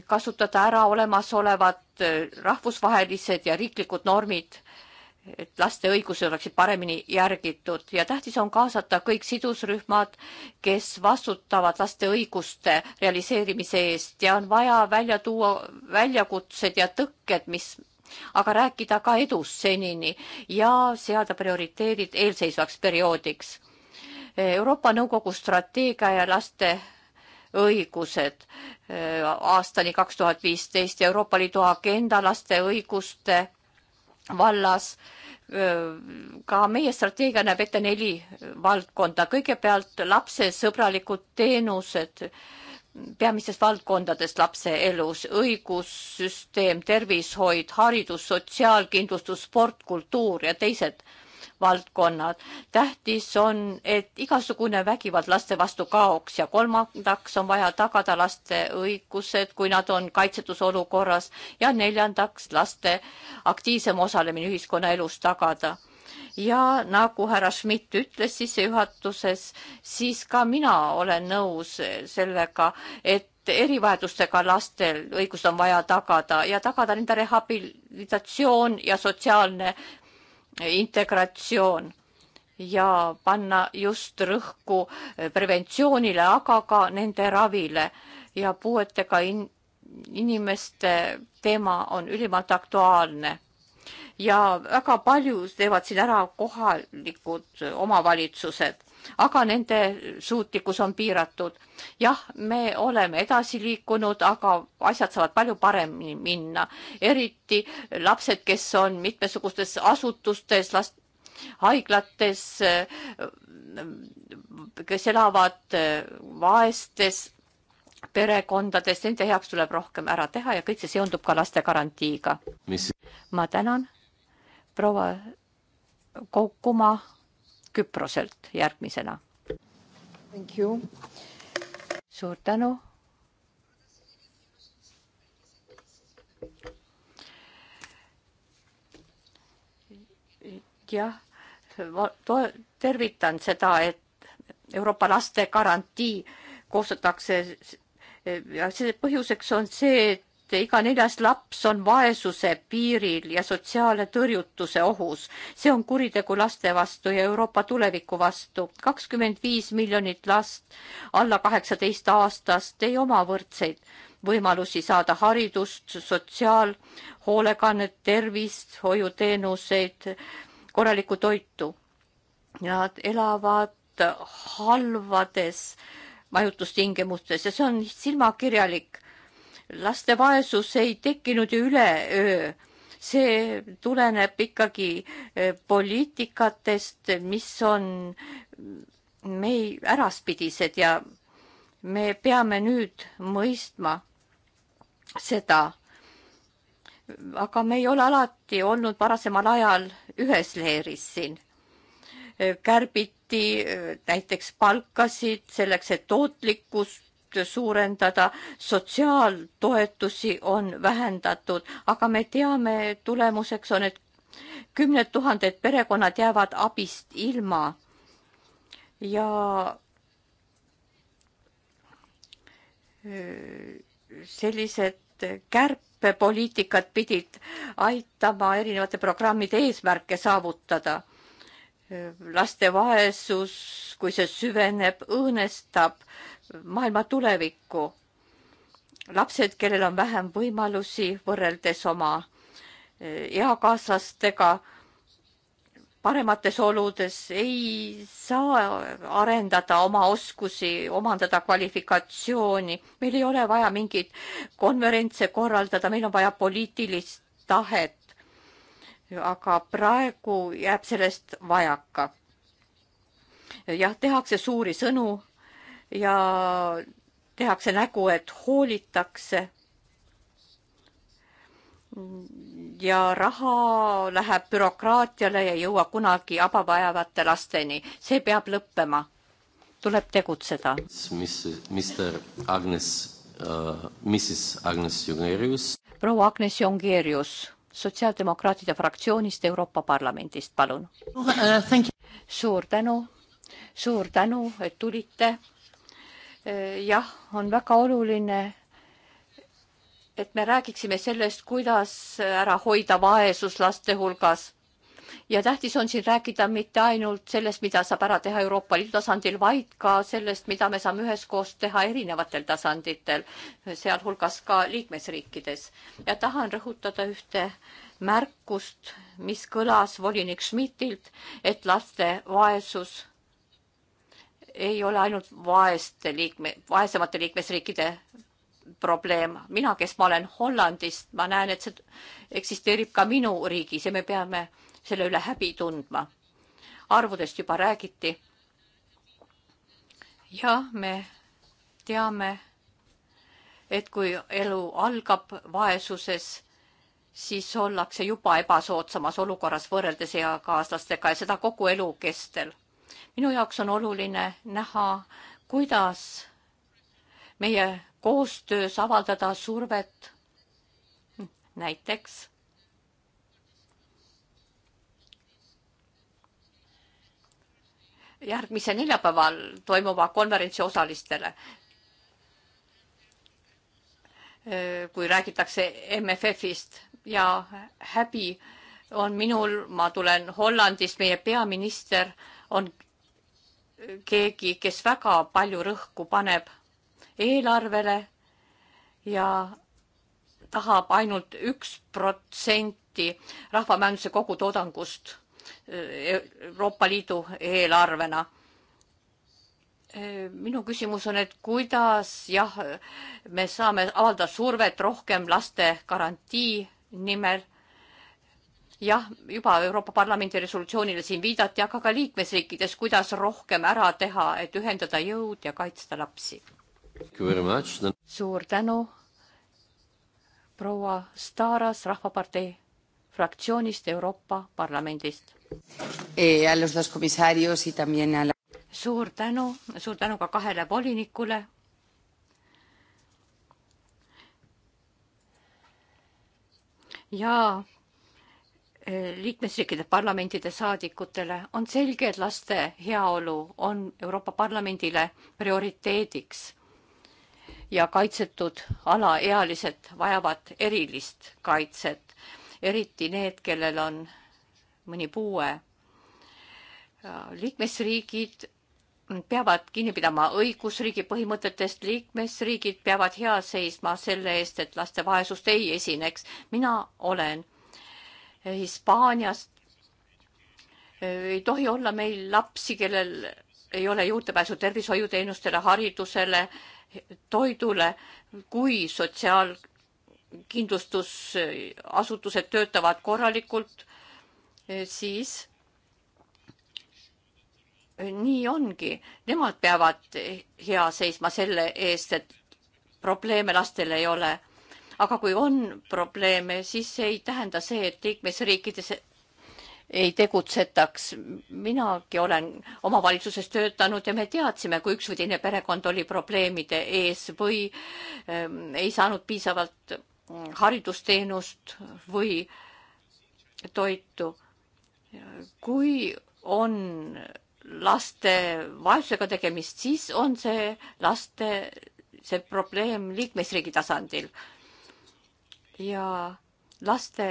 kasutada ära olemasolevad äh, rahvusvahelised ja riiklikud normid et laste õigused oleksid paremini järgitud ja tähtis on kaasata kõik sidusrühmad, kes vastutavad laste õiguste realiseerimise eest ja on vaja välja tuua väljakutsed ja tõkked, mis aga rääkida ka edust senini ja seada prioriteedid eelseisvaks perioodiks. Euroopa Nõukogu strateegia ja laste õigused eh, aastani kaks tuhat viisteist ja Euroopa Liidu agenda laste õiguste vallas ka meie strateegia näeb ette neli valdkonda. kõigepealt lapsesõbralikud teenused peamistest valdkondadest lapse elus, õigussüsteem, tervishoid, haridus, sotsiaalkindlustus, sport, kultuur ja teised valdkonnad. tähtis on, et igasugune vägivald laste vastu kaoks ja kolmandaks on vaja tagada laste õigused, kui nad on kaitsetus olukorras ja neljandaks laste aktiivsem osalemine ühiskonnaelus tagada ja nagu härra Schmidt ütles sissejuhatuses, siis ka mina olen nõus sellega, et erivajadustega lastel õigused on vaja tagada ja tagada nende rehabilitatsioon ja sotsiaalne äh, integratsioon ja panna just rõhku preventsioonile, aga ka nende ravile ja puuetega in inimeste teema on ülimalt aktuaalne. ja väga palju teevad siin ära kohalikud omavalitsused aga nende suutlikkus on piiratud. jah, me oleme edasi liikunud, aga asjad saavad palju paremini minna, eriti lapsed, kes on mitmesugustes asutustes, last, haiglates, kes elavad vaestes perekondades, nende heaks tuleb rohkem ära teha ja kõik see seondub ka laste garantiiga. ma tänan, proua Kokuma Küproselt järgmisena. suur tänu. jah, tervitan seda, et Euroopa laste garantii koostatakse ja selle põhjuseks on see, et iga neljas laps on vaesuse piiril ja sotsiaalne tõrjutuse ohus. see on kuritegu laste vastu ja Euroopa tuleviku vastu. kakskümmend viis miljonit last alla kaheksateist aastast ei oma võrdseid võimalusi saada haridust, sotsiaalhoolekannet, tervist, hoiuteenuseid, korralikku toitu. Nad elavad halvades majutustingimustes ja see on silmakirjalik laste vaesus ei tekkinud ju üleöö. see tuleneb ikkagi poliitikatest, mis on mm, meil äraspidised ja me peame nüüd mõistma seda. aga me ei ole alati olnud varasemal ajal ühes leeris siin. kärbiti näiteks palkasid selleks, et tootlikkust suurendada, sotsiaaltoetusi on vähendatud, aga me teame, tulemuseks on, et kümned tuhanded perekonnad jäävad abist ilma. ja sellised kärpepoliitikad pidid aitama erinevate programmide eesmärke saavutada. laste vaesus, kui see süveneb, õõnestab maailma tulevikku. lapsed, kellel on vähem võimalusi võrreldes oma eh, eakaaslastega paremates oludes, ei saa arendada oma oskusi, omandada kvalifikatsiooni. meil ei ole vaja mingeid konverentse korraldada, meil on vaja poliitilist tahet. aga praegu jääb sellest vajaka. jah, tehakse suuri sõnu ja tehakse nägu, et hoolitakse. ja raha läheb bürokraatiale ja ei jõua kunagi abavajavate lasteni, see peab lõppema. tuleb tegutseda. mis, minister Agnes uh,, äh, Mrs Agnes Jungerius. proua Agnes Jungerius sotsiaaldemokraatide fraktsioonist Euroopa Parlamendist, palun uh,. suur tänu, suur tänu, et tulite jah, on väga oluline, et me räägiksime sellest, kuidas ära hoida vaesus laste hulgas. ja tähtis on siin rääkida mitte ainult sellest, mida saab ära teha Euroopa Liidu tasandil, vaid ka sellest, mida me saame üheskoos teha erinevatel tasanditel, sealhulgas ka liikmesriikides. ja tahan rõhutada ühte märkust, mis kõlas volinik Schmidtilt, et laste vaesus ei ole ainult vaeste liikme, vaesemate liikmesriikide probleem. mina, kes ma olen Hollandist, ma näen, et see eksisteerib ka minu riigis ja me peame selle üle häbi tundma. arvudest juba räägiti. ja me teame, et kui elu algab vaesuses, siis ollakse juba ebasoodsamas olukorras võrreldes eakaaslastega ja seda kogu elu kestel minu jaoks on oluline näha, kuidas meie koostöös avaldada survet näiteks järgmise neljapäeval toimuva konverentsi osalistele. kui räägitakse MFF-ist ja häbi on minul, ma tulen Hollandist, meie peaminister äh, on keegi, kes väga palju rõhku paneb eelarvele ja tahab ainult üks protsenti rahvamajanduse kogutoodangust eh, Euroopa Liidu eelarvena. Eh, minu küsimus on, et kuidas jah, me saame avaldada survet rohkem laste garantii nimel jah, juba Euroopa Parlamendi resolutsioonile siin viidati, aga ka liikmesriikides, kuidas rohkem ära teha, et ühendada jõud ja kaitsta lapsi. suur tänu, proua Staras Rahvapartei fraktsioonist Euroopa Parlamendist eh,. suur tänu, suur tänu ka kahele volinikule ja liikmesriikide parlamentide saadikutele, on selge, et laste heaolu on Euroopa Parlamendile prioriteediks. ja kaitsetud alaealised vajavad erilist kaitset, eriti need, kellel on mõni puue. liikmesriigid peavad kinni pidama õigusriigi põhimõtetest, liikmesriigid peavad hea seisma selle eest, et laste vaesust ei esineks. mina olen Äh, Hispaaniast. Äh, ei tohi olla meil lapsi, kellel ei ole juurdepääsu tervishoiuteenustele, haridusele, toidule, kui sotsiaalkindlustusasutused töötavad korralikult, äh, siis nii ongi, nemad peavad hea seisma selle eest, et probleeme lastel ei ole aga kui on probleeme, siis ei tähenda see, et liikmesriikides ei tegutsetaks. minagi olen omavalitsuses töötanud ja me teadsime, kui üks või teine perekond oli probleemide ees või ähm, ei saanud piisavalt mm, haridusteenust või toitu. kui on laste vaesusega tegemist, siis on see laste, see probleem liikmesriigi tasandil ja laste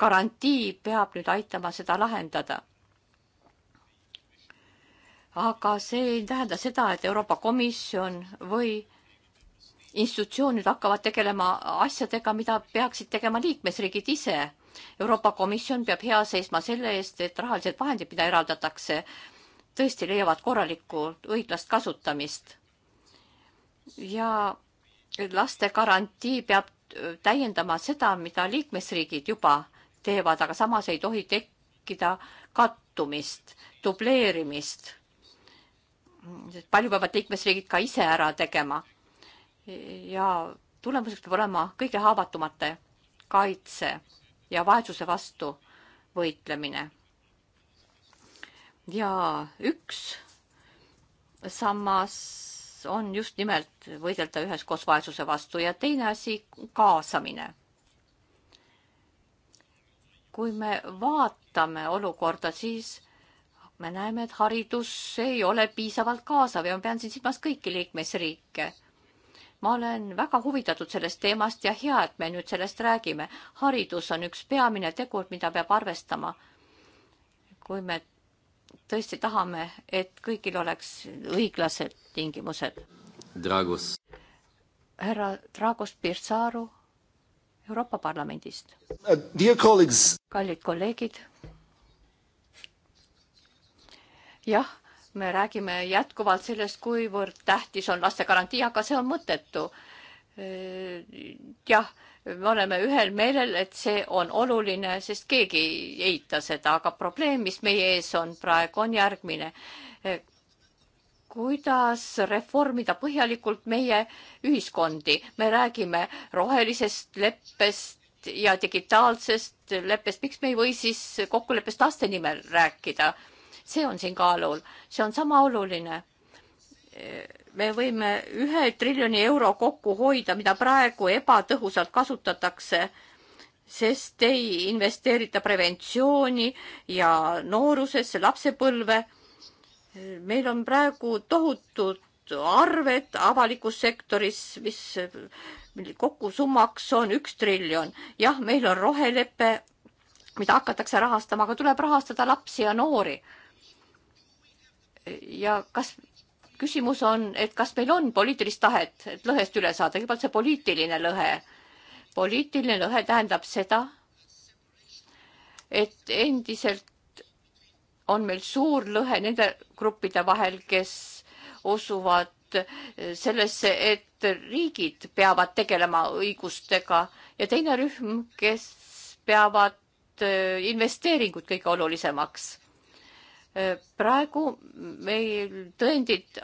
garantii peab nüüd aitama seda lahendada. aga see ei tähenda seda, et Euroopa Komisjon või institutsioonid hakkavad tegelema asjadega, mida peaksid tegema liikmesriigid ise. Euroopa Komisjon peab hea seisma selle eest, et rahalised vahendid, mida eraldatakse, tõesti leiavad korralikku õiglast kasutamist. ja laste garantii peab täiendama seda, mida liikmesriigid juba teevad, aga samas ei tohi tekkida kattumist, dubleerimist. palju peavad liikmesriigid ka ise ära tegema. ja tulemuseks peab olema kõige haavatumate kaitse ja vaesuse vastu võitlemine. ja üks sammas on just nimelt võidelda üheskoos vaesuse vastu ja teine asi, kaasamine. kui me vaatame olukorda, siis me näeme, et haridus ei ole piisavalt kaasav ja ma pean siin silmas kõiki liikmesriike. ma olen väga huvitatud sellest teemast ja hea, et me nüüd sellest räägime. haridus on üks peamine tegur, mida peab arvestama. kui me tõesti tahame, et kõigil oleks õiglased tingimused. Dragos. härra Dragos Pirsaru Euroopa Parlamendist uh,. kallid kolleegid. jah, me räägime jätkuvalt sellest, kuivõrd tähtis on laste garantii, aga see on mõttetu. Eh, jah me oleme ühel meelel, et see on oluline, sest keegi ei eita seda, aga probleem, mis meie ees on praegu, on järgmine. kuidas reformida põhjalikult meie ühiskondi, me räägime rohelisest leppest ja digitaalsest leppest, miks me ei või siis kokkuleppest laste nimel rääkida? see on siin kaalul, see on sama oluline me võime ühe triljoni euro kokku hoida, mida praegu ebatõhusalt kasutatakse, sest ei investeerita preventsiooni ja noorusesse, lapsepõlve. meil on praegu tohutud arved avalikus sektoris, mis kokku summaks on üks triljon. jah, meil on rohelepe, mida hakatakse rahastama, aga tuleb rahastada lapsi ja noori. ja kas küsimus on, et kas meil on poliitilist tahet, et lõhest üle saada, kõigepealt see poliitiline lõhe. poliitiline lõhe tähendab seda, et endiselt on meil suur lõhe nende gruppide vahel, kes usuvad sellesse, et riigid peavad tegelema õigustega ja teine rühm, kes peavad investeeringud kõige olulisemaks praegu meil tõendid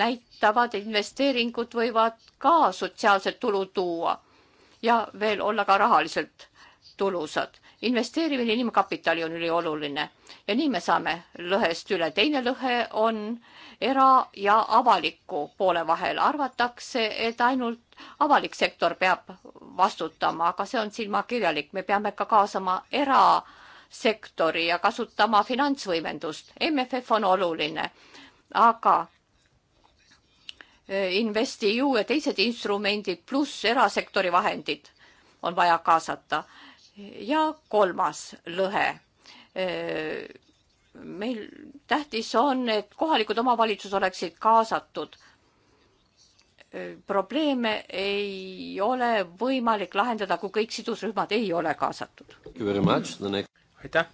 näitavad, et investeeringud võivad ka sotsiaalset tulu tuua ja veel olla ka rahaliselt tulusad. investeerimine inimkapitali on ülioluline ja nii me saame lõhest üle. teine lõhe on era- ja avaliku poole vahel. arvatakse, et ainult avalik sektor peab vastutama, aga see on silmakirjalik. me peame ka kaasama era- sektori ja kasutama finantsvõimendust. MFF on oluline, aga äh, InvestEU ja teised instrumendid pluss erasektori vahendid on vaja kaasata. ja kolmas lõhe. Äh, meil tähtis on, et kohalikud omavalitsused oleksid kaasatud. Äh, probleeme ei ole võimalik lahendada, kui kõik sidusrühmad ei ole kaasatud aitäh!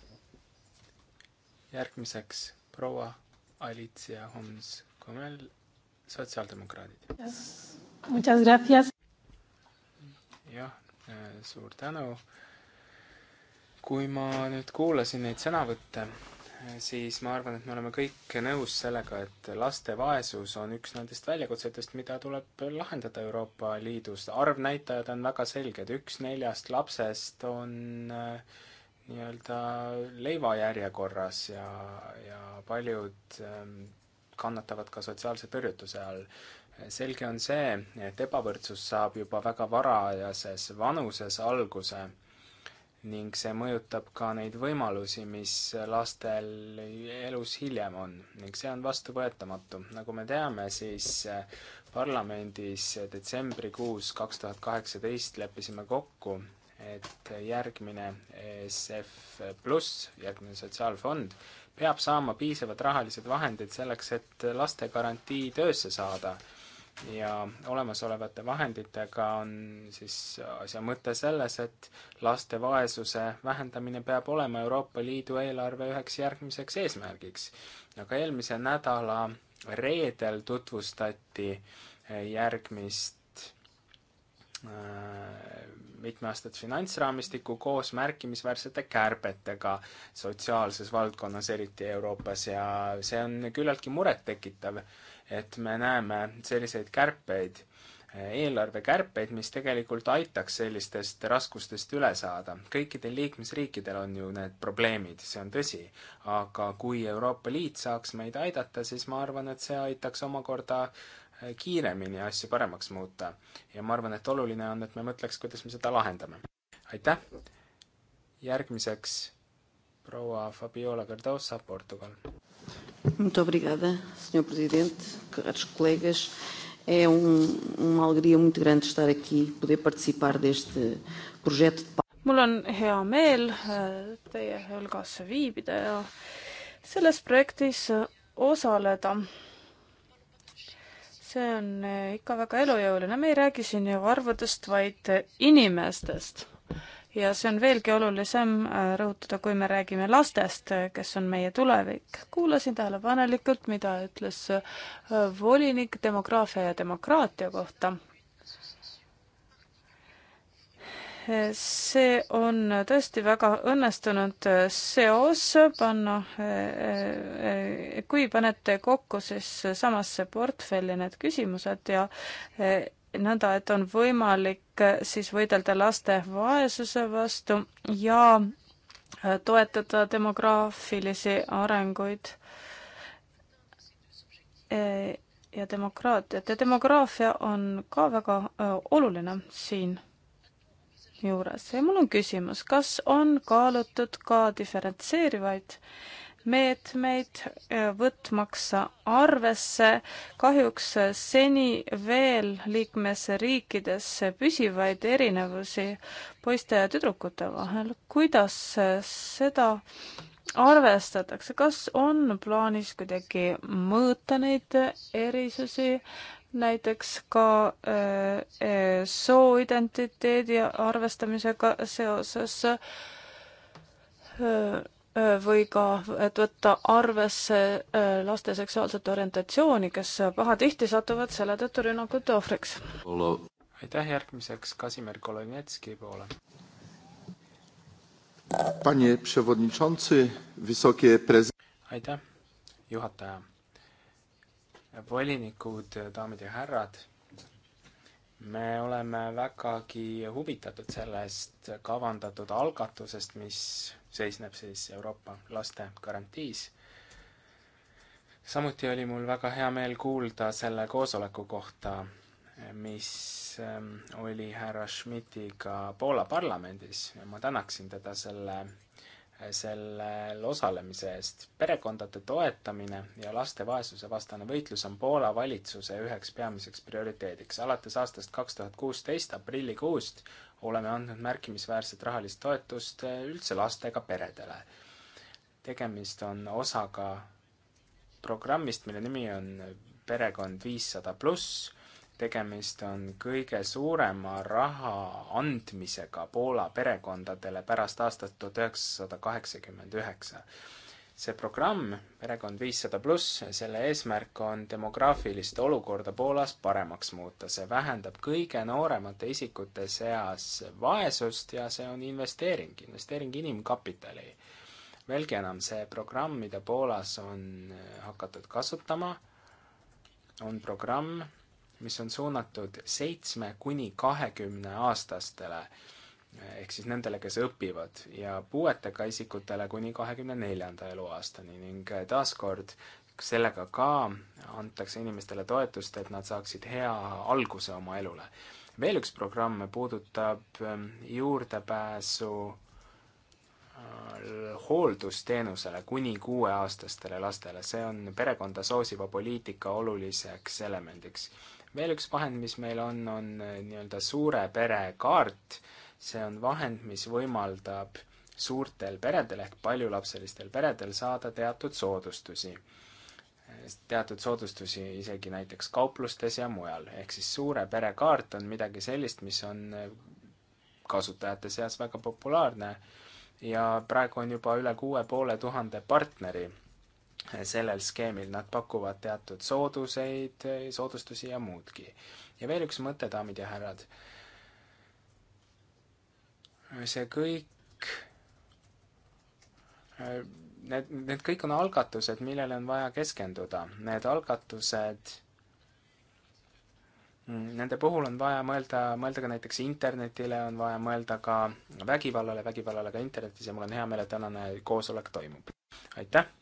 järgmiseks proua Alicia Homs-Komel, sotsiaaldemokraadid. jah, äh, suur tänu. kui ma nüüd kuulasin neid sõnavõtte, äh, siis ma arvan, et me oleme kõik nõus sellega, et laste vaesus on üks nendest väljakutsetest, mida tuleb lahendada Euroopa Liidus. arvnäitajad on väga selged, üks neljast lapsest on äh, nii-öelda leivajärjekorras ja, ja paljud ähm, kannatavad ka sotsiaalse tõrjutuse all. selge on see, et ebavõrdsus saab juba väga varajases vanuses alguse ning see mõjutab ka neid võimalusi, mis lastel elus hiljem on ning see on vastuvõetamatu. nagu me teame, siis äh, parlamendis detsembrikuus kaks tuhat kaheksateist leppisime kokku, et järgmine ESF pluss, järgmine sotsiaalfond, peab saama piisavad rahalised vahendid selleks, et laste garantii töösse saada. ja olemasolevate vahenditega on siis asja mõte selles, et laste vaesuse vähendamine peab olema Euroopa Liidu eelarve üheks järgmiseks eesmärgiks. aga eelmise nädala reedel tutvustati järgmist äh, mitmeaastat finantsraamistikku koos märkimisväärsete kärbetega sotsiaalses valdkonnas, eriti Euroopas, ja see on küllaltki murettekitav, et me näeme selliseid kärpeid, eelarvekärpeid, mis tegelikult aitaks sellistest raskustest üle saada. kõikidel liikmesriikidel on ju need probleemid, see on tõsi, aga kui Euroopa Liit saaks meid aidata, siis ma arvan, et see aitaks omakorda äh, Äh, kiiremini asju paremaks muuta. ja ma arvan, et oluline on, et me mõtleks, kuidas me seda lahendame. aitäh! järgmiseks proua Fabiola Cardosa, Portugal. Muito obrigada, senhor presidente, caros colegas. É um, uma alegria muito grande estar aqui, poder participar deste projeto de mul on hea meel äh, teie hulgas viibida ja selles projektis äh, osaleda see on eh, ikka väga elujõuline, me ei räägi siin ju arvudest, vaid eh, inimestest. ja see on veelgi olulisem eh, rõhutada, kui me räägime lastest, kes on meie tulevik. kuulasin tähelepanelikult, mida ütles volinik demograafia ja demokraatia kohta see on tõesti väga õnnestunud seos panna, kui panete kokku siis samasse portfelli need küsimused ja e, nõnda, et on võimalik siis võidelda laste vaesuse vastu ja e, toetada demograafilisi arenguid e, ja demokraatiat ja demograafia on ka väga oluline siin juures ja mul on küsimus, kas on kaalutud ka diferentseerivaid meetmeid, äh, võtmaks arvesse kahjuks seni veel liikmesriikides püsivaid erinevusi poiste ja tüdrukute vahel. kuidas seda arvestatakse, kas on plaanis kuidagi mõõta neid erisusi näiteks ka äh, äh, sooidentiteedi arvestamisega seoses äh, või ka, et võtta arvesse laste seksuaalset orientatsiooni, kes pahatihti satuvad selle tõttu rünnakute ohvriks. aitäh, järgmiseks Kasimir Kolonetski poole. aitäh, juhataja volinikud, daamid ja härrad, me oleme vägagi huvitatud sellest kavandatud algatusest, mis seisneb siis Euroopa laste garantiis samuti oli mul väga hea meel kuulda selle koosoleku kohta, mis ähm, oli härra Schmidtiga Poola parlamendis ja ma tänaksin teda selle sellel osalemise eest. perekondade toetamine ja laste vaesuse vastane võitlus on Poola valitsuse üheks peamiseks prioriteediks. alates aastast kaks tuhat kuusteist aprillikuust oleme andnud märkimisväärset rahalist toetust eh, üldse lastega peredele. tegemist on osaga programmist, mille nimi on Perekond viissada pluss tegemist on kõige suurema raha andmisega Poola perekondadele pärast aastat tuhat üheksasada kaheksakümmend üheksa. see programm, Perekond viissada pluss, selle eesmärk on demograafilist olukorda Poolas paremaks muuta. see vähendab kõige nooremate isikute seas vaesust ja see on investeering, investeering inimkapitali. veelgi enam, see programm, mida Poolas on hakatud kasutama, on programm, mis on suunatud seitsme kuni kahekümne aastastele ehk siis nendele, kes õpivad ja puuetega isikutele kuni kahekümne neljanda eluaastani ning taaskord sellega ka antakse inimestele toetust, et nad saaksid hea alguse oma elule. veel üks programm puudutab ähm, juurdepääsu äh, hooldusteenusele kuni kuueaastastele lastele, see on perekonda soosiva poliitika oluliseks elemendiks veel üks vahend, mis meil on, on äh, nii-öelda suure pere kaart. see on vahend, mis võimaldab suurtel peredel ehk paljulapselistel peredel saada teatud soodustusi. Äh, teatud soodustusi isegi näiteks kauplustes ja mujal, ehk siis suure pere kaart on midagi sellist, mis on äh, kasutajate seas väga populaarne ja praegu on juba üle kuue poole tuhande partneri sellel skeemil, nad pakuvad teatud sooduseid, soodustusi ja muudki. ja veel üks mõte, daamid ja härrad. see kõik, need, need kõik on algatused, millele on vaja keskenduda. Need algatused, nende puhul on vaja mõelda, mõelda ka näiteks internetile, on vaja mõelda ka vägivallale, vägivallale ka internetis ja mul on hea meel, et tänane koosolek toimub. aitäh!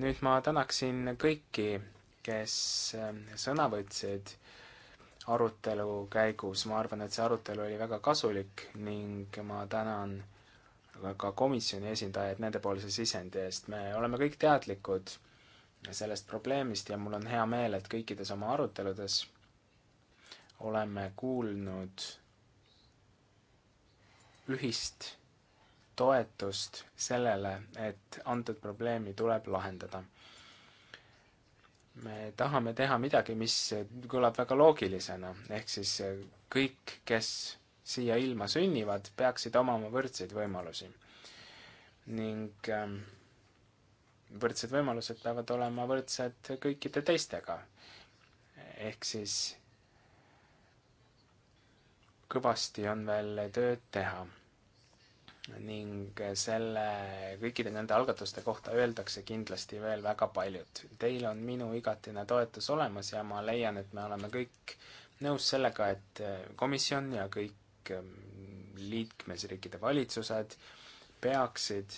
nüüd ma tänaksin kõiki, kes ähm, sõna võtsid arutelu käigus, ma arvan, et see arutelu oli väga kasulik ning ma tänan ka komisjoni esindajaid nendepoolse sisendi eest, me oleme kõik teadlikud sellest probleemist ja mul on hea meel, et kõikides oma aruteludes oleme kuulnud ühist toetust sellele, et antud probleemi tuleb lahendada. me tahame teha midagi, mis kõlab väga loogilisena, ehk siis kõik, kes siia ilma sünnivad, peaksid omama võrdseid võimalusi. ning ähm, võrdsed võimalused peavad olema võrdsed kõikide teistega. ehk siis kõvasti on veel tööd teha ning selle, kõikide nende algatuste kohta öeldakse kindlasti veel väga paljut. Teil on minu igatine toetus olemas ja ma leian, et me oleme kõik nõus sellega, et eh, komisjon ja kõik eh, liikmesriikide valitsused peaksid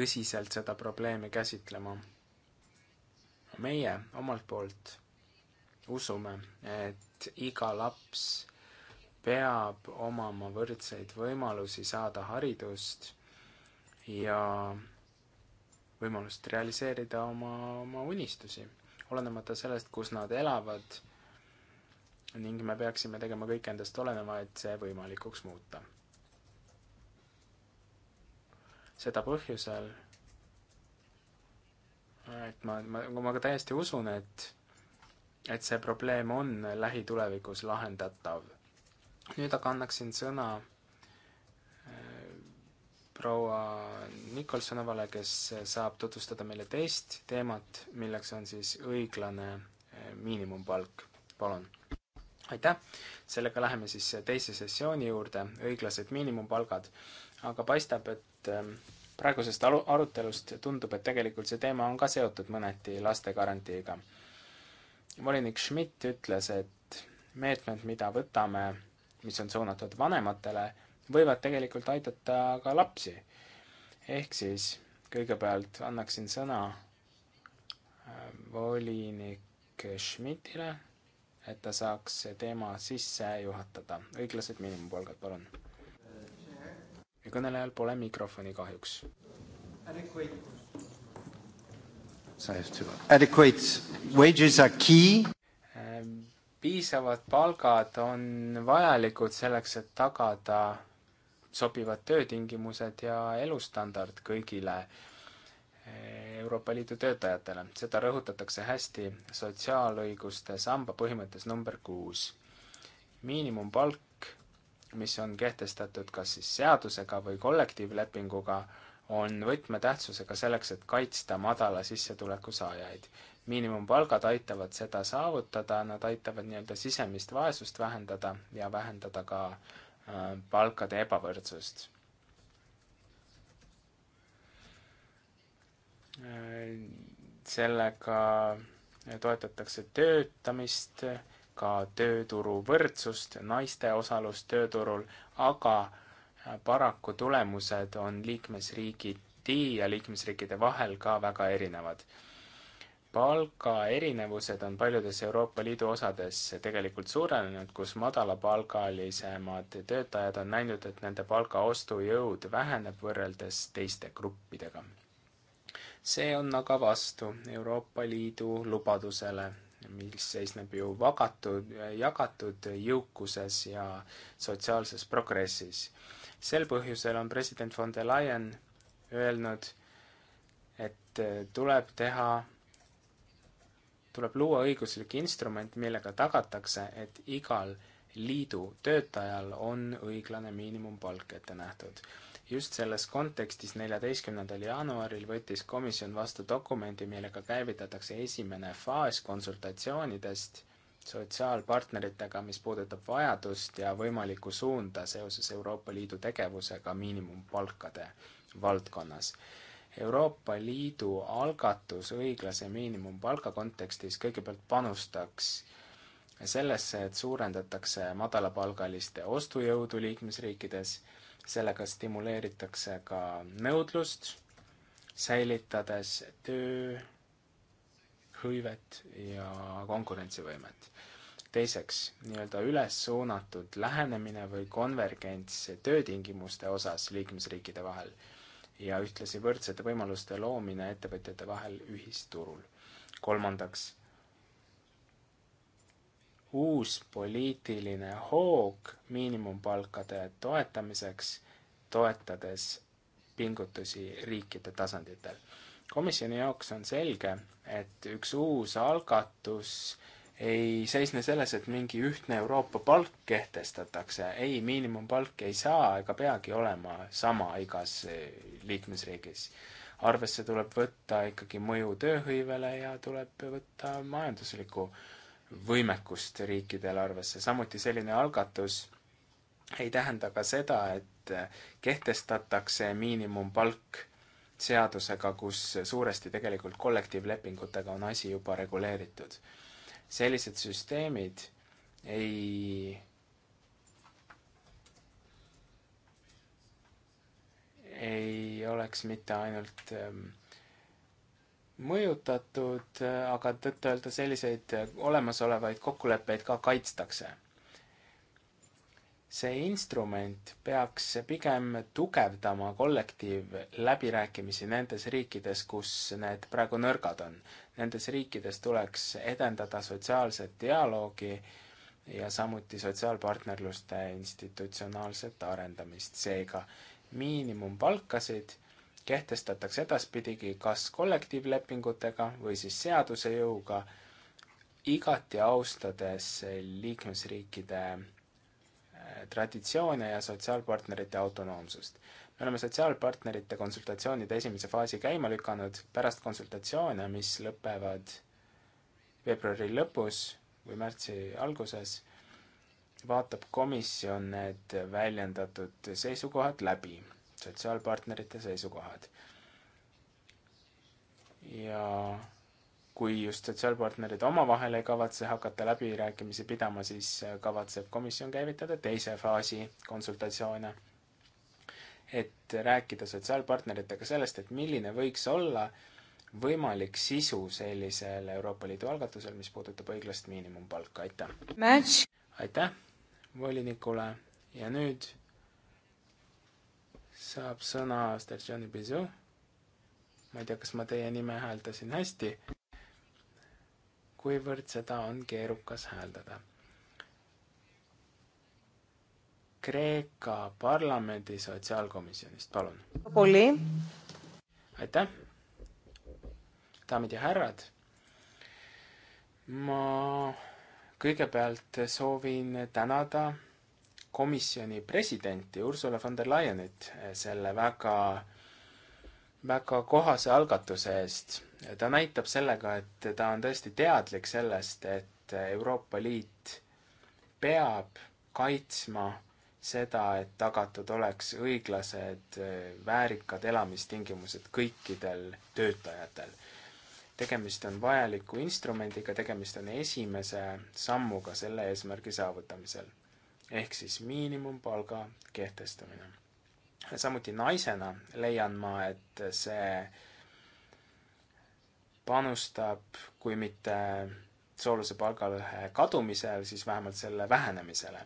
tõsiselt seda probleemi käsitlema. meie omalt poolt usume, et iga laps peab omama võrdseid võimalusi saada haridust ja võimalust realiseerida oma, oma unistusi, olenemata sellest, kus nad elavad ning me peaksime tegema kõik endast oleneva, et see võimalikuks muuta. seda põhjusel, et ma, ma, ma ka täiesti usun, et, et see probleem on lähitulevikus lahendatav nüüd aga annaksin sõna äh, proua Nikolsonovale, kes saab tutvustada meile teist teemat, milleks on siis õiglane äh, miinimumpalk. palun. aitäh, sellega läheme siis teise sessiooni juurde, õiglased miinimumpalgad. aga paistab, et ähm, praegusest aru, arutelust tundub, et tegelikult see teema on ka seotud mõneti lastegarantiiga. volinik Schmidt ütles, et meetmed, mida võtame mis on suunatud vanematele, võivad tegelikult aidata ka lapsi. ehk siis kõigepealt annaksin sõna ähm, volinik Schmidtile, et ta saaks teema sisse juhatada. õiglased miinimumpalgad, palun. ja kõnelejal pole mikrofoni kahjuks. Adequate wages are key ähm, piisavad palgad on vajalikud selleks, et tagada sobivad töötingimused ja elustandard kõigile eh, Euroopa Liidu töötajatele. seda rõhutatakse hästi sotsiaalõiguste samba põhimõttes number kuus. miinimumpalk, mis on kehtestatud kas siis seadusega või kollektiivlepinguga, on võtmetähtsusega selleks, et kaitsta madala sissetuleku saajaid miinimumpalgad aitavad seda saavutada, nad aitavad nii-öelda sisemist vaesust vähendada ja vähendada ka äh, palkade ebavõrdsust. Äh, sellega toetatakse töötamist, ka tööturu võrdsust, naiste osalust tööturul, aga äh, paraku tulemused on liikmesriigiti ja liikmesriikide vahel ka väga erinevad palgaerinevused on paljudes Euroopa Liidu osades tegelikult suurenenud, kus madalapalgalisemad töötajad on näinud, et nende palga ostujõud väheneb võrreldes teiste gruppidega. see on aga vastu Euroopa Liidu lubadusele, mis seisneb ju vagatud, jagatud jõukuses ja sotsiaalses progressis. sel põhjusel on president von der Leyen öelnud, et tuleb teha tuleb luua õiguslik instrument, millega tagatakse, et igal liidu töötajal on õiglane miinimumpalk ette nähtud. just selles kontekstis neljateistkümnendal jaanuaril võttis komisjon vastu dokumendi, millega käivitatakse esimene faas konsultatsioonidest sotsiaalpartneritega, mis puudutab vajadust ja võimalikku suunda seoses Euroopa Liidu tegevusega miinimumpalkade valdkonnas Euroopa Liidu algatus õiglase miinimumpalga kontekstis kõigepealt panustaks sellesse, et suurendatakse madalapalgaliste ostujõudu liikmesriikides, sellega stimuleeritakse ka nõudlust, säilitades tööhõivet ja konkurentsivõimet teiseks, nii-öelda üles suunatud lähenemine või konvergents töötingimuste osas liikmesriikide vahel ja ühtlasi võrdsete võimaluste loomine ettevõtjate vahel ühisturul. kolmandaks, uus poliitiline hoog miinimumpalkade toetamiseks, toetades pingutusi riikide tasanditel. komisjoni jaoks on selge, et üks uus algatus ei seisne selles, et mingi ühtne Euroopa palk kehtestatakse, ei, miinimumpalk ei saa ega peagi olema sama igas eh, liikmesriigis. arvesse tuleb võtta ikkagi mõju tööhõivele ja tuleb võtta majanduslikku võimekust riikidel arvesse, samuti selline algatus ei tähenda ka seda, et eh, kehtestatakse miinimumpalk seadusega, kus suuresti tegelikult kollektiivlepingutega on asi juba reguleeritud sellised süsteemid ei ei oleks mitte ainult ähm, mõjutatud, aga tõtt-öelda selliseid olemasolevaid kokkuleppeid ka kaitstakse. see instrument peaks pigem tugevdama kollektiivläbirääkimisi nendes riikides, kus need praegu nõrgad on nendes riikides tuleks edendada sotsiaalset dialoogi ja samuti sotsiaalpartnerluste institutsionaalset arendamist. seega miinimumpalkasid kehtestatakse edaspidigi kas kollektiivlepingutega või siis seaduse jõuga, igati austades liikmesriikide eh, traditsioone ja sotsiaalpartnerite autonoomsust me oleme sotsiaalpartnerite konsultatsioonide esimese faasi käima lükanud, pärast konsultatsioone, mis lõpevad veebruari lõpus või märtsi alguses, vaatab komisjon need väljendatud seisukohad läbi, sotsiaalpartnerite seisukohad. ja kui just sotsiaalpartnerid omavahel ei kavatse hakata läbirääkimisi pidama, siis kavatseb komisjon käivitada teise faasi konsultatsioone et rääkida sotsiaalpartneritega sellest, et milline võiks olla võimalik sisu sellisel Euroopa Liidu algatusel, mis puudutab õiglast miinimumpalka, aitäh! aitäh volinikule ja nüüd saab sõna Stergioni Bizu. ma ei tea, kas ma teie nime hääldasin hästi, kuivõrd seda on keerukas hääldada Kreeka parlamendi sotsiaalkomisjonist, palun. aitäh, daamid ja härrad. ma kõigepealt soovin tänada komisjoni presidenti Ursula von der Leyenit selle väga, väga kohase algatuse eest. ta näitab sellega, et ta on tõesti teadlik sellest, et Euroopa Liit peab kaitsma seda, et tagatud oleks õiglased väärikad elamistingimused kõikidel töötajatel. tegemist on vajaliku instrumendiga, tegemist on esimese sammuga selle eesmärgi saavutamisel. ehk siis miinimumpalga kehtestamine. samuti naisena leian ma, et see panustab, kui mitte sooluse palgalõhe kadumisel, siis vähemalt selle vähenemisele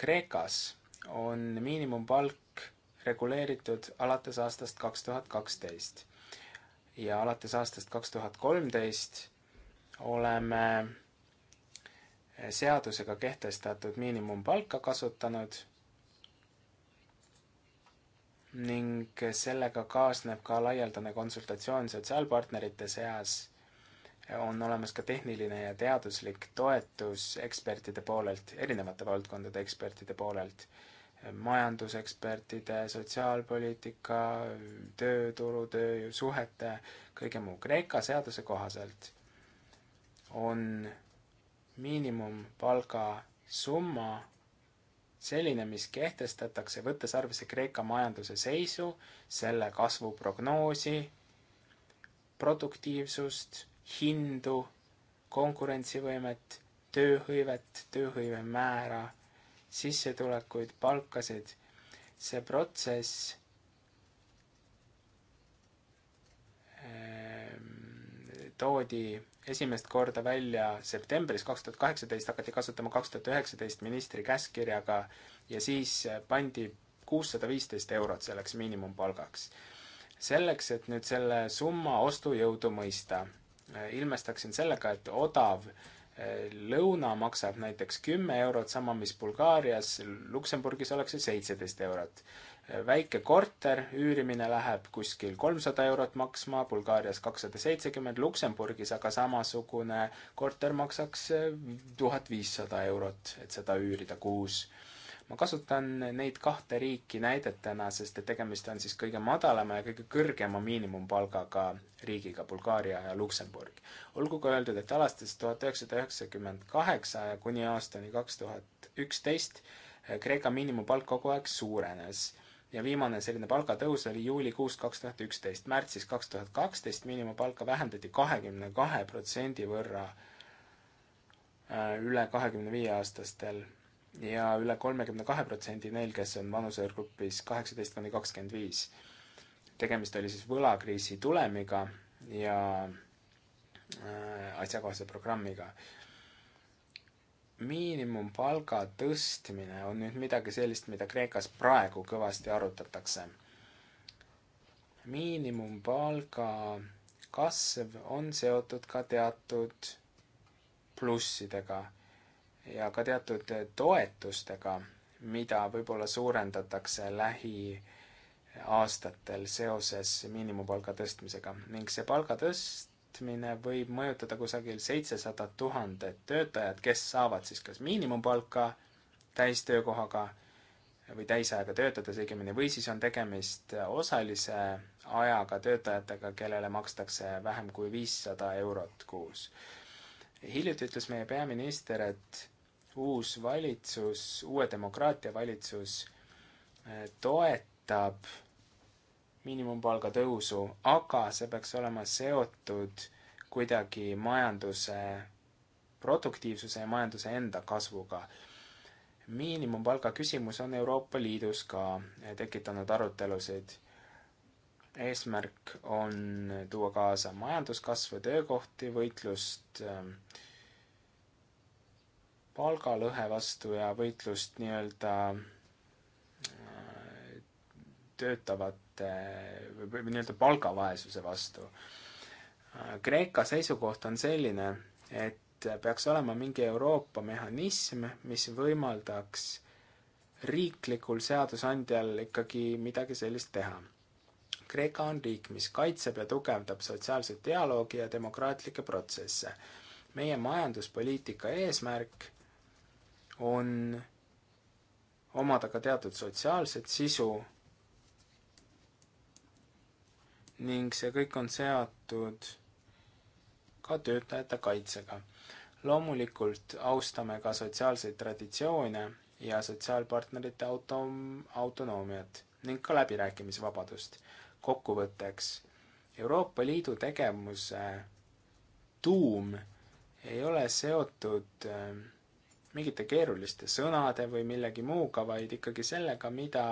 Kreekas on miinimumpalk reguleeritud alates aastast kaks tuhat kaksteist. ja alates aastast kaks tuhat kolmteist oleme seadusega kehtestatud miinimumpalka kasutanud ning sellega kaasneb ka laialdane konsultatsioon sotsiaalpartnerite seas, on olemas ka tehniline ja teaduslik toetus ekspertide poolelt, erinevate valdkondade ekspertide poolelt majandusekspertide, sotsiaalpoliitika, tööturu, töösuhete, kõige muu. Kreeka seaduse kohaselt on miinimumpalga summa selline, mis kehtestatakse, võttes arvesse Kreeka majanduse seisu, selle kasvuprognoosi, produktiivsust, hindu, konkurentsivõimet, tööhõivet, tööhõive määra sissetulekuid, palkasid. see protsess ähm, toodi esimest korda välja septembris kaks tuhat kaheksateist, hakati kasutama kaks tuhat üheksateist ministri käskkirjaga ja siis pandi kuussada viisteist eurot selleks miinimumpalgaks. selleks, et nüüd selle summa ostujõudu mõista, äh, ilmestaksin sellega, et odav äh, lõuna maksab näiteks kümme eurot, sama mis Bulgaarias, Luksemburgis oleks see seitseteist eurot. väike korter, üürimine läheb kuskil kolmsada eurot maksma, Bulgaarias kakssada seitsekümmend, Luksemburgis aga samasugune korter maksaks tuhat viissada eurot, et seda üürida kuus ma kasutan neid kahte riiki näidetena, sest et tegemist on siis kõige madalama ja kõige kõrgema miinimumpalgaga riigiga, Bulgaaria ja Luksemburg. olgu ka öeldud, et alates tuhat üheksasada üheksakümmend kaheksa ja kuni aastani kaks tuhat üksteist Kreeka miinimumpalk kogu aeg suurenes ja viimane selline palgatõus oli juulikuus kaks tuhat üksteist. märtsis kaks tuhat kaksteist miinimumpalka vähendati kahekümne kahe protsendi võrra äh, üle kahekümne viie aastastel ja üle kolmekümne kahe protsendi neil, kes on vanusegrupis kaheksateist kuni kakskümmend viis. tegemist oli siis võlakriisi tulemiga ja äh, asjakohase programmiga. miinimumpalga tõstmine on nüüd midagi sellist, mida Kreekas praegu kõvasti arutatakse. miinimumpalga kasv on seotud ka teatud plussidega ja ka teatud toetustega, mida võib-olla suurendatakse lähiaastatel seoses miinimumpalga tõstmisega ning see palga tõstmine võib mõjutada kusagil seitsesadat tuhandet töötajat, kes saavad siis kas miinimumpalka täistöökohaga või täisajaga töötades õigemini, või siis on tegemist osalise ajaga töötajatega, kellele makstakse vähem kui viissada eurot kuus. hiljuti ütles meie peaminister, et uus valitsus, uue demokraatia valitsus eh, toetab miinimumpalga tõusu, aga see peaks olema seotud kuidagi majanduse produktiivsuse ja majanduse enda kasvuga. miinimumpalga küsimus on Euroopa Liidus ka eh, tekitanud arutelusid. eesmärk on tuua kaasa majanduskasvu, töökohti, võitlust äh, palgalõhe vastu ja võitlust nii-öelda äh, töötavate või nii-öelda palgavaesuse vastu. Äh, Kreeka seisukoht on selline, et peaks olema mingi Euroopa mehhanism, mis võimaldaks riiklikul seadusandjal ikkagi midagi sellist teha. Kreeka on riik, mis kaitseb ja tugevdab sotsiaalset dialoogi ja demokraatlikke protsesse. meie majanduspoliitika eesmärk on omada ka teatud sotsiaalset sisu ning see kõik on seatud ka töötajate kaitsega. loomulikult austame ka sotsiaalseid traditsioone ja sotsiaalpartnerite auto, autonoomiat ning ka läbirääkimisvabadust. kokkuvõtteks, Euroopa Liidu tegevuse tuum ei ole seotud äh, mingite keeruliste sõnade või millegi muuga, vaid ikkagi sellega, mida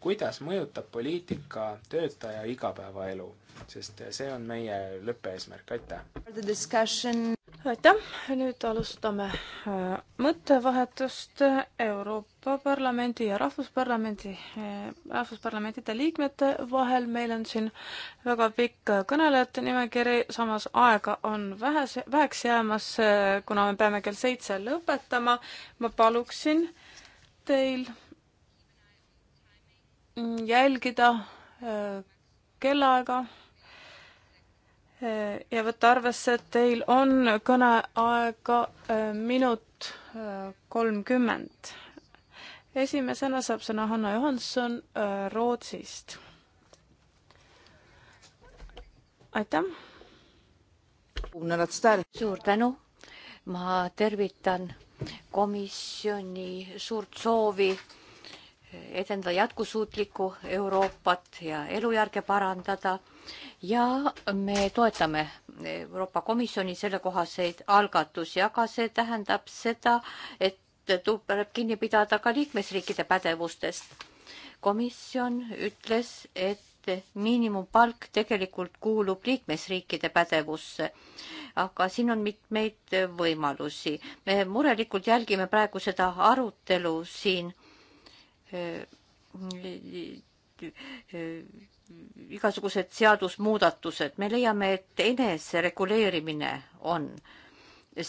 kuidas mõjutab poliitika töötaja igapäevaelu, sest see on meie lõppeesmärk, aitäh! aitäh, nüüd alustame äh, mõttevahetust Euroopa Parlamendi ja Rahvusparlamendi, äh, Rahvusparlamentide liikmete vahel. meil on siin väga pikk kõnelejate nimekiri, samas aega on vähe, väheks jäämas, äh, kuna me peame kell seitse lõpetama. ma paluksin teil Mm, jälgida äh, kellaaega äh, ja võtta arvesse, et teil on kõneaega äh, minut kolmkümmend. esimesena saab sõna Hanna Johanson Rootsist. aitäh. suur tänu. ma tervitan komisjoni suurt soovi edendada jätkusuutlikku Euroopat ja elujärge parandada ja me toetame Euroopa Komisjoni sellekohaseid algatusi, aga see tähendab seda, et tuleb kinni pidada ka liikmesriikide pädevustest. komisjon ütles, et miinimumpalk tegelikult kuulub liikmesriikide pädevusse, aga siin on mitmeid võimalusi. me murelikult jälgime praegu seda arutelu siin Äh, äh, igasugused seadusmuudatused, me leiame, et enesereguleerimine on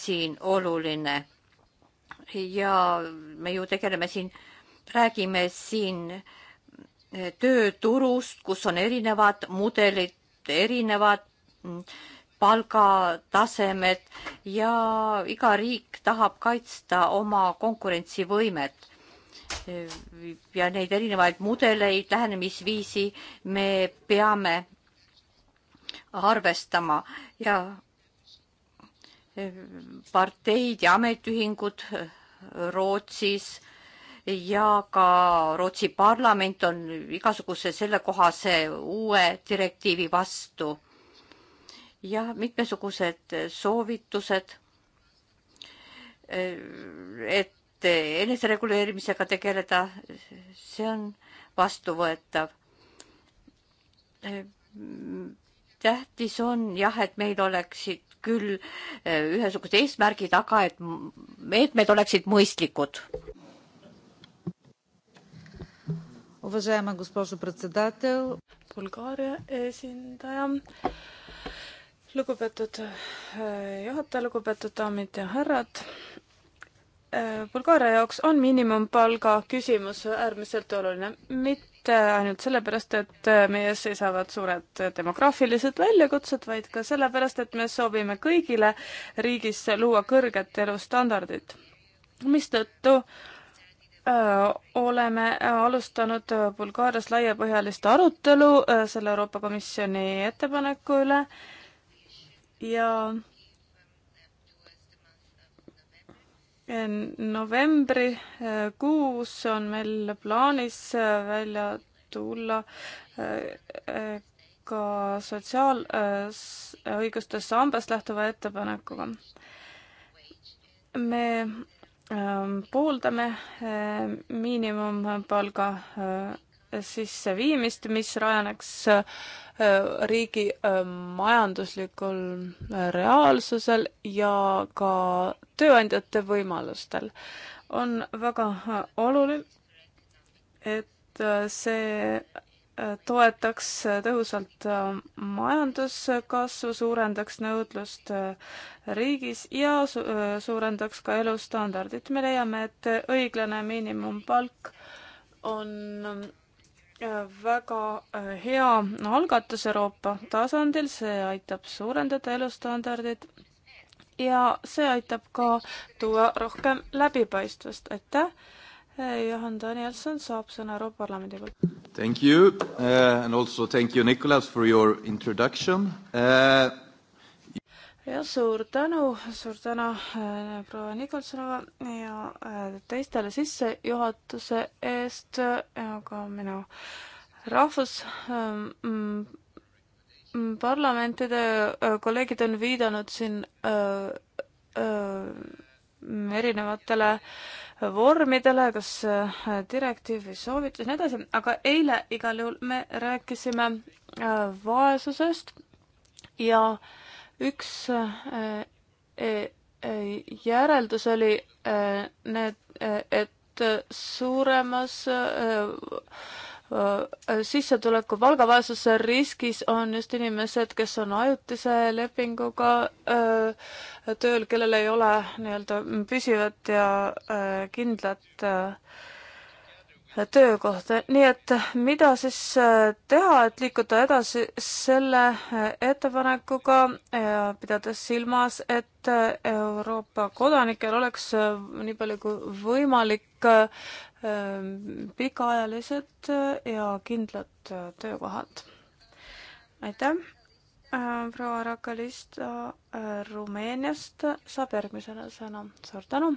siin oluline. ja me ju tegeleme siin, räägime siin äh, tööturust, kus on erinevad mudelid, erinevad mm, palgatasemed ja iga riik tahab kaitsta oma konkurentsivõimet ja neid erinevaid mudeleid, lähenemisviisi me peame arvestama ja e, parteid ja ametiühingud e, Rootsis ja ka Rootsi parlament on igasuguse sellekohase uue direktiivi vastu. ja mitmesugused soovitused, e, et enesereguleerimisega tegeleda, see on vastuvõetav. tähtis on jah, et meil oleksid küll eh, ühesugused eesmärgid, aga et meetmed oleksid mõistlikud. Bulgaaria esindaja lugupeetud eh, juhataja, lugupeetud daamid ja härrad, Äh, Bulgaaria jaoks on miinimumpalga küsimus äärmiselt oluline, mitte ainult sellepärast, et äh, meie ees seisavad suured äh, demograafilised väljakutsed, vaid ka sellepärast, et me soovime kõigile riigis luua kõrget elustandardit, mistõttu oleme alustanud Bulgaarias laiapõhjalist arutelu selle Euroopa Komisjoni ettepaneku üle ja novembrikuus äh, on meil plaanis äh, välja tulla äh, ka sotsiaalõiguste sambast lähtuva ettepanekuga. me ähm, pooldame miinimumpalga sisseviimist, mis rajaneks äh, riigi äh, majanduslikul äh, reaalsusel ja ka tööandjate võimalustel. on väga oluline, et see toetaks tõhusalt majanduskasvu, suurendaks nõudlust riigis ja su suurendaks ka elustandardit. me leiame, et õiglane miinimumpalk on väga äh, hea algatus Euroopa tasandil, see aitab suurendada elustandardit ja see aitab ka tuua rohkem läbipaistvust, aitäh. Äh, Johan Danielson saab sõna Euroopa Parlamendi poolt. Thank you uh, and also thank you, Nicolas, for your introduction uh, jah, suur tänu, suur tänu äh, proua Nikolsonile ja äh, teistele sissejuhatuse eest ja äh, ka minu rahvus ähm, mm, parlamentide kolleegid on viidanud siin öö, öö, erinevatele vormidele, kas direktiiv või soovitus, nii edasi, aga eile igal juhul me rääkisime öö, vaesusest ja öö, üks äh, äh, äh, järeldus oli need, et suuremas sissetuleku palgavaesuse riskis on just inimesed, kes on ajutise lepinguga tööl, kellel ei ole nii-öelda püsivat ja kindlat töökohta, nii et eh, mida siis eh, teha, et liikuda edasi selle eh, ettepanekuga, pidades silmas, et Euroopa kodanikel oleks nii palju kui võimalik pikaajalised ja kindlad töökohad. aitäh, proua Rakalist Rumeeniast saab järgmisena sõna, suur tänu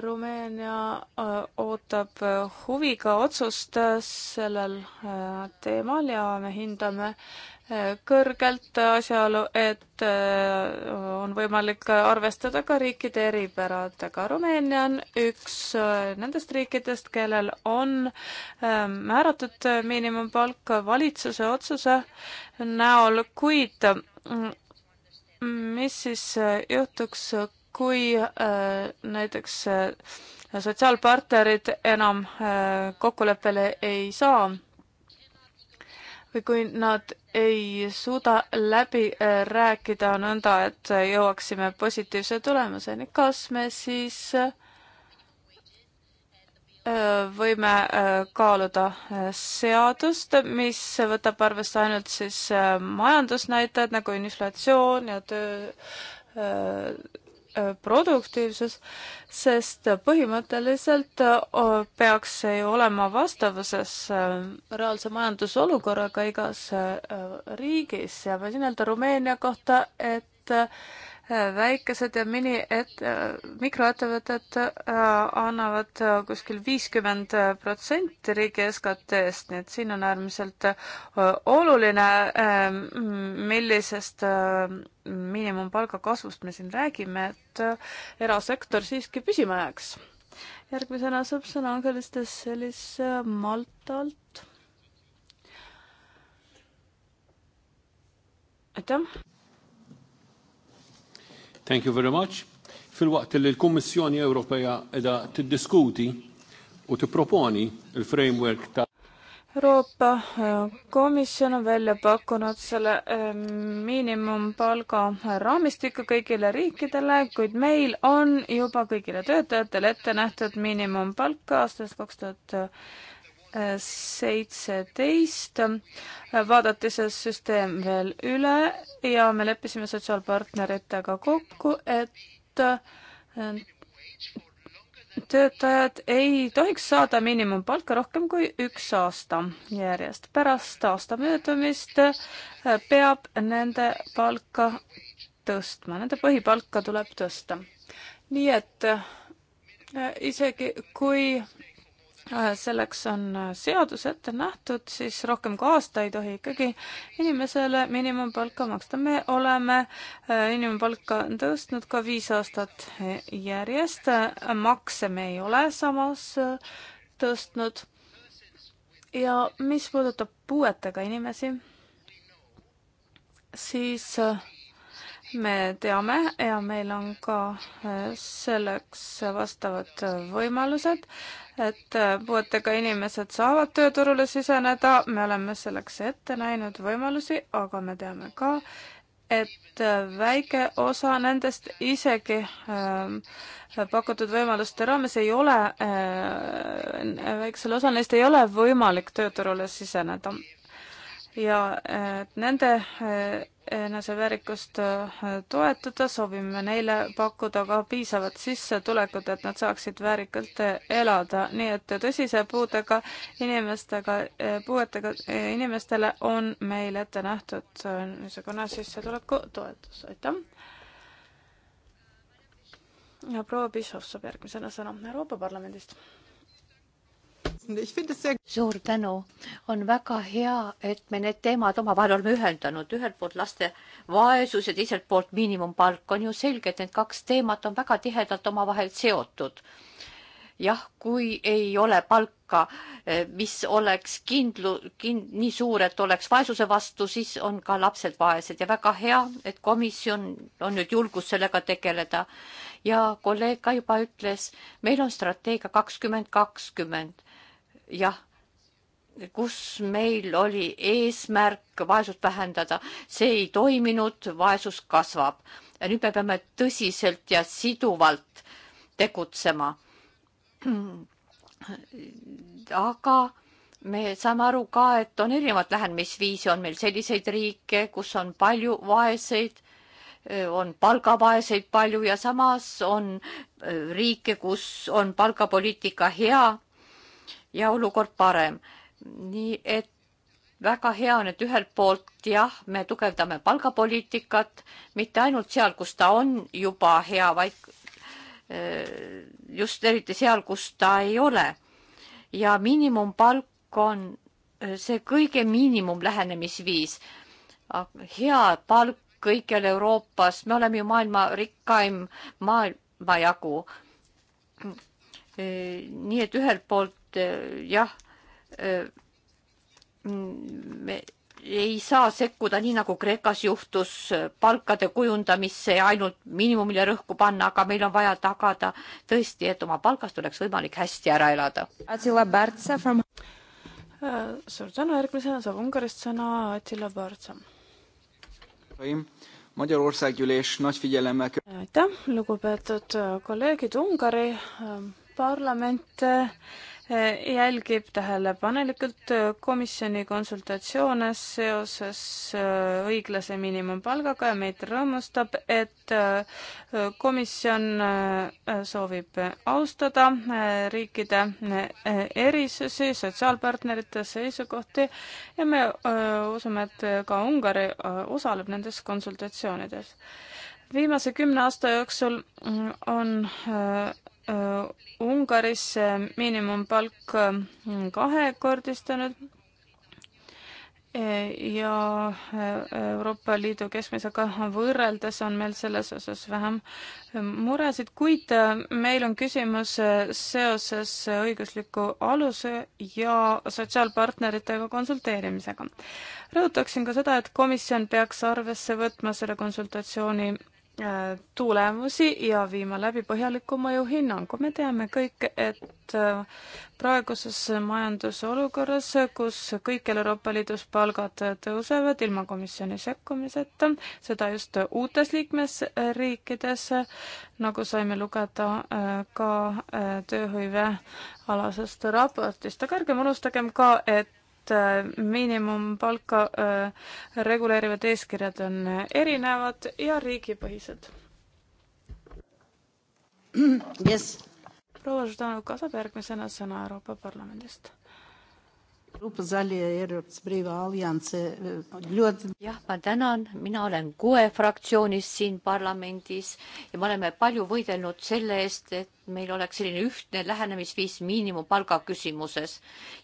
Rumeenia äh, ootab äh, huviga otsust äh, sellel teemal ja me hindame kõrgelt asjaolu, et on võimalik arvestada ka riikide eripäradega. Rumeenia on üks nendest riikidest, kellel on määratud miinimumpalk valitsuse otsuse näol, kuid mm, mis siis juhtuks, kui äh, näiteks äh, sotsiaalpartnerid enam äh, kokkuleppele ei saa või kui nad ei suuda läbi rääkida nõnda, et jõuaksime positiivse tulemuseni, kas me siis võime kaaluda seadust, mis võtab arvesse ainult siis majandusnäitajad nagu inflatsioon ja töö Äh, produktiivsus, sest põhimõtteliselt äh, peaks see ju olema vastavuses äh, reaalse majandusolukorraga igas riigis ja võin öelda Rumeenia kohta, et väikesed ja mini, et mikroettevõtted äh, annavad äh, kuskil viiskümmend äh, protsenti riigi SKT-st, nii et siin on äärmiselt oluline, ähm, millisest miinimumpalga kasvust me siin räägime, et erasektor siiski püsima jääks. järgmisena saab sõna Angelistes Selis Maltalt. aitäh! Thank you very much. Fil-waqt li l-Kummissjoni Ewropea edha tiddiskuti u tipproponi il-framework ta' Euroopa eh, Komisjon on välja pakkunud selle eh, miinimumpalga raamistiku kõigile riikidele, kuid meil on juba kõigile töötajatele ette nähtud miinimumpalk aastast kaks tuhat seitseteist vaadati see süsteem veel üle ja me leppisime sotsiaalpartneritega kokku, et äh, töötajad ei tohiks saada miinimumpalka rohkem kui üks aasta järjest. pärast aasta möödumist äh, peab nende palka tõstma, nende põhipalka tuleb tõsta. nii et äh, isegi kui Äh, selleks on äh, seadus ette nähtud, siis rohkem kui aasta ei tohi ikkagi inimesele miinimumpalka maksta. me oleme äh, miinimumpalka tõstnud ka viis aastat järjest, makse me ei ole samas tõstnud. ja mis puudutab puuetega inimesi, siis äh, me teame ja meil on ka äh, selleks vastavad äh, võimalused, et äh, puuetega inimesed saavad tööturule siseneda, me oleme selleks ette näinud võimalusi, aga me teame ka, et väike osa nendest isegi pakutud võimaluste raames ei ole, väiksel osal neist ei ole võimalik tööturule siseneda ja et nende eh, eneseväärikust eh, toetada, soovime neile pakkuda ka piisavat sissetulekut, et nad saaksid väärikalt eh, elada, nii et tõsise puudega inimestega, puuetega inimestele on meil ette nähtud niisugune sissetulekutoetus, aitäh. ja proua Pihhov saab järgmisena sõna Euroopa Parlamendist suur tänu, on väga hea, et me need teemad omavahel oleme ühendanud, ühelt poolt laste vaesus ja teiselt poolt miinimumpalk, on ju selge, et need kaks teemat on väga tihedalt omavahel seotud. jah, kui ei ole palka, eh, mis oleks kindlu-, kind-, nii suur, et oleks vaesuse vastu, siis on ka lapsed vaesed ja väga hea, et komisjon on nüüd julgus sellega tegeleda ja kolleeg ka juba ütles, meil on strateegia kakskümmend kakskümmend jah, kus meil oli eesmärk vaesust vähendada, see ei toiminud, vaesus kasvab. ja nüüd me peame tõsiselt ja siduvalt tegutsema. aga me saame aru ka, et on erinevat lähenemisviisi, on meil selliseid riike, kus on palju vaeseid, on palgavaeseid palju ja samas on riike, kus on palgapoliitika hea ja olukord parem. nii et väga hea on, et ühelt poolt jah, me tugevdame palgapoliitikat mitte ainult seal, kus ta on juba hea, vaid äh, just eriti seal, kus ta ei ole. ja miinimumpalk on äh, see kõige miinimum lähenemisviis. hea palk kõikjal Euroopas, me oleme ju maailma rikkaim maailmajagu. Äh, nii et ühelt poolt et äh, jah, äh, me ei saa sekkuda nii, nagu Kreekas juhtus, äh, palkade kujundamisse ja ainult miinimumile rõhku panna, aga meil on vaja tagada tõesti, et oma palgast oleks võimalik hästi ära elada. suur tänu, järgmisena saab Ungarist sõna Attila Barca. aitäh, lugupeetud kolleegid, Ungari parlament jälgib tähelepanelikult komisjoni konsultatsioone seoses äh, õiglase miinimumpalgaga ja meid rõõmustab, et äh, komisjon äh, soovib austada riikide erisusi, sotsiaalpartnerite seisukohti ja me usume, et ka Ungari osaleb nendes konsultatsioonides viimase kümne aasta jooksul on Äh, Ungaris miinimumpalk äh, kahekordistanud äh, ja Euroopa Liidu keskmisega võrreldes on meil selles osas vähem muresid, kuid meil on küsimus seoses õigusliku aluse ja sotsiaalpartneritega konsulteerimisega. rõhutaksin ka seda, et komisjon peaks arvesse võtma selle konsultatsiooni Äh, tulemusi ja viima läbi põhjaliku mõjuhinnangu. me teame kõik, et äh, praeguses majandusolukorras, kus kõikjal Euroopa Liidus palgad tõusevad ilma komisjoni sekkumiseta, seda just uutes liikmesriikides, nagu saime lugeda äh, ka tööhõivealasest raportist, aga ärgem unustagem ka, et Äh, miinimumpalka äh, reguleerivad eeskirjad on erinevad ja riigipõhised. Yes. proua Ždanoka saab järgmisena sõna Euroopa Parlamendist Eh, jah, ma tänan, mina olen kuue fraktsioonis siin parlamendis ja me oleme palju võidelnud selle eest, et meil oleks selline ühtne lähenemisviis miinimumpalga küsimuses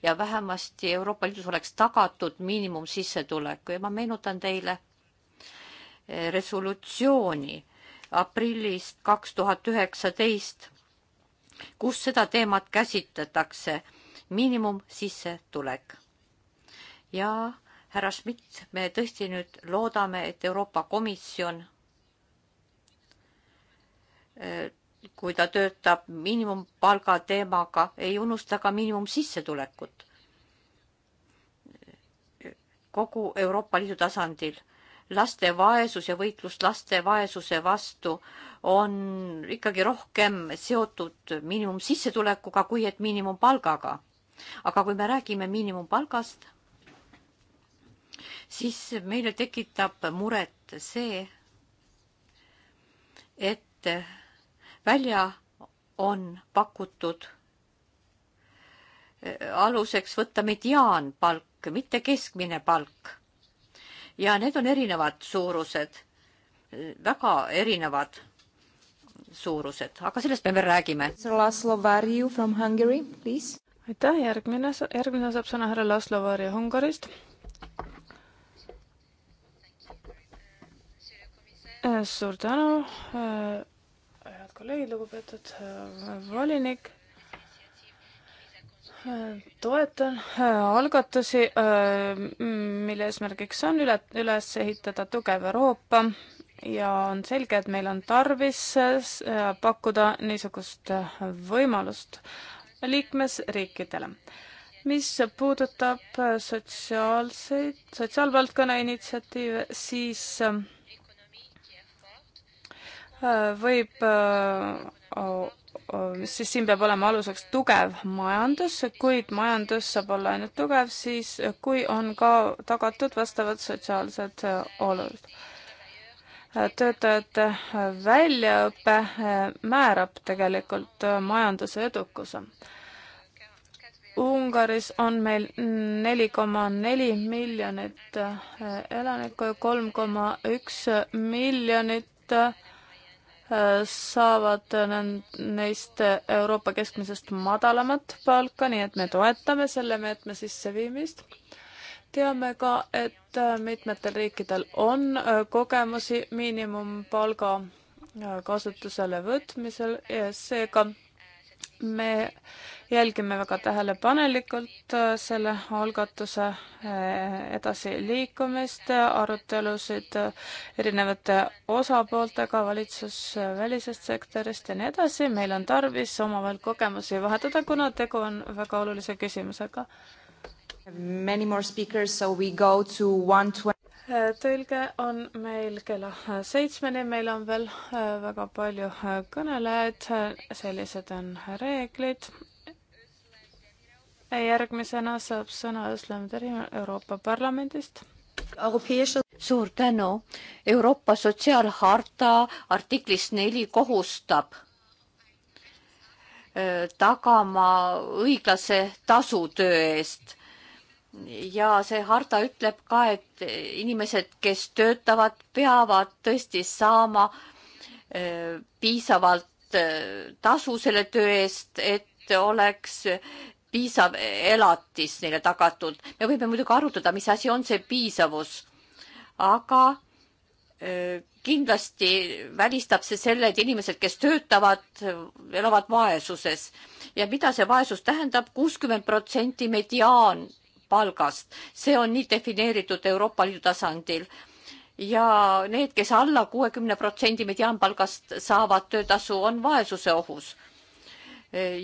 ja vähemasti Euroopa Liidus oleks tagatud miinimumsissetulek ja ma meenutan teile eh, resolutsiooni aprillist kaks tuhat üheksateist, kus seda teemat käsitletakse miinimumsissetulek. ja härra Schmidt, me tõesti nüüd loodame, et Euroopa Komisjon, eh, kui ta töötab miinimumpalga teemaga, ei unusta ka miinimumsissetulekut kogu Euroopa Liidu tasandil laste vaesus ja võitlus laste vaesuse vastu on ikkagi rohkem seotud miinimumsissetulekuga kui et miinimumpalgaga aga kui me räägime miinimumpalgast, siis meile tekitab muret see, et välja on pakutud eh, aluseks võtta mediaanpalk, mitte keskmine palk. ja need on erinevad suurused, eh, väga erinevad suurused, aga sellest me veel räägime. Laszlo Varju from Hungary, please aitäh, järgmine, järgmine saab sõna härra Laslo Varja Ungarist. Äh, suur tänu, äh, head kolleegid, lugupeetud äh, volinik toetan algatusi, mille eesmärgiks on üle, üles ehitada tugev Euroopa ja on selge, et meil on tarvis pakkuda niisugust võimalust liikmesriikidele. mis puudutab sotsiaalseid, sotsiaalvaldkonna initsiatiive, siis äh, võib, äh, siis siin peab olema aluseks tugev majandus, kuid majandus saab olla ainult tugev siis, kui on ka tagatud vastavad sotsiaalsed äh, olud töötajate väljaõpe eh, määrab tegelikult eh, majanduse edukuse. Ungaris on meil neli koma neli miljonit eh, elanikku ja kolm koma üks miljonit saavad neist Euroopa keskmisest madalamat palka, nii et me toetame selle meetme sisseviimist teame ka, et äh, mitmetel riikidel on äh, kogemusi miinimumpalga äh, kasutusele võtmisel ja seega me jälgime väga tähelepanelikult selle algatuse edasiliikumist, arutelusid erinevate osapooltega valitsusvälisest sektorist ja nii edasi. meil on tarvis omavahel kogemusi vahetada, kuna tegu on väga olulise küsimusega. Many more speakers, so we go to one twenty eh, tõlge on meil kella eh, seitsmeni, meil on veel eh, väga palju kõnelejaid, sellised on reeglid. järgmisena saab sõna Özlem Terim Euroopa Parlamendist. suur tänu. Euroopa Sotsiaalharta artiklis neli kohustab tagama õiglase tasu töö eest ja see harta ütleb ka, et inimesed, kes töötavad, peavad tõesti saama äh, piisavalt äh, tasu selle töö eest, et oleks piisav elatis neile tagatud. me võime muidugi arutada, mis asi on see piisavus, aga äh, kindlasti välistab see selle, et inimesed, kes töötavad, elavad vaesuses ja mida see vaesus tähendab, kuuskümmend protsenti mediaan palgast. see on nii defineeritud Euroopa Liidu tasandil ja need, kes alla kuuekümne protsendi mediaanpalgast saavad töötasu, on vaesuse ohus.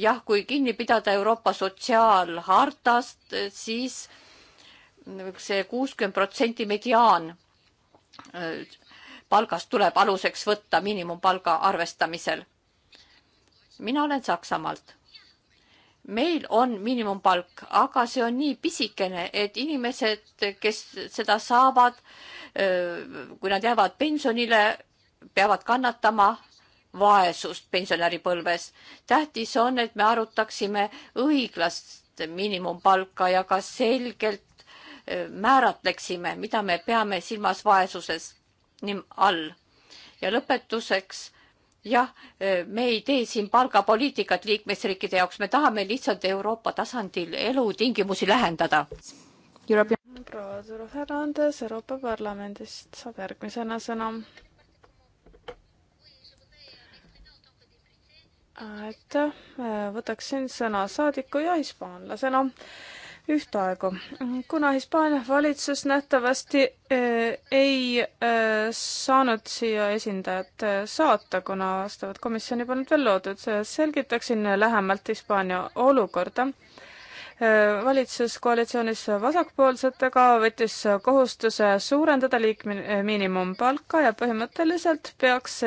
jah, kui kinni pidada Euroopa sotsiaalhartast, siis see kuuskümmend protsenti mediaan äh, palgast tuleb aluseks võtta miinimumpalga arvestamisel. mina olen Saksamaalt meil on miinimumpalk, aga see on nii pisikene, et inimesed, kes seda saavad, kui nad jäävad pensionile, peavad kannatama vaesust pensionäripõlves. tähtis on, et me arutaksime õiglast miinimumpalka ja ka selgelt määratleksime, mida me peame silmas vaesuses all. ja lõpetuseks jah, me ei tee siin palgapoliitikat liikmesriikide jaoks, me tahame lihtsalt Euroopa tasandil elutingimusi lähendada. proua Turu Fernandes Euroopa Parlamendist saab järgmisena sõna. aitäh, võtaksin sõna saadiku ja hispaanlasena yhtäaegu. kuna Hispaania valitsus nähtavasti äh, ei äh, saanud siia esindajat äh, saata, kuna vastavat komisjoni polnud veel loodud, selgitaksin lähemalt Hispaania olukorda valitsuskoalitsioonis vasakpoolsetega võttis kohustuse suurendada liikme miinimumpalka ja põhimõtteliselt peaks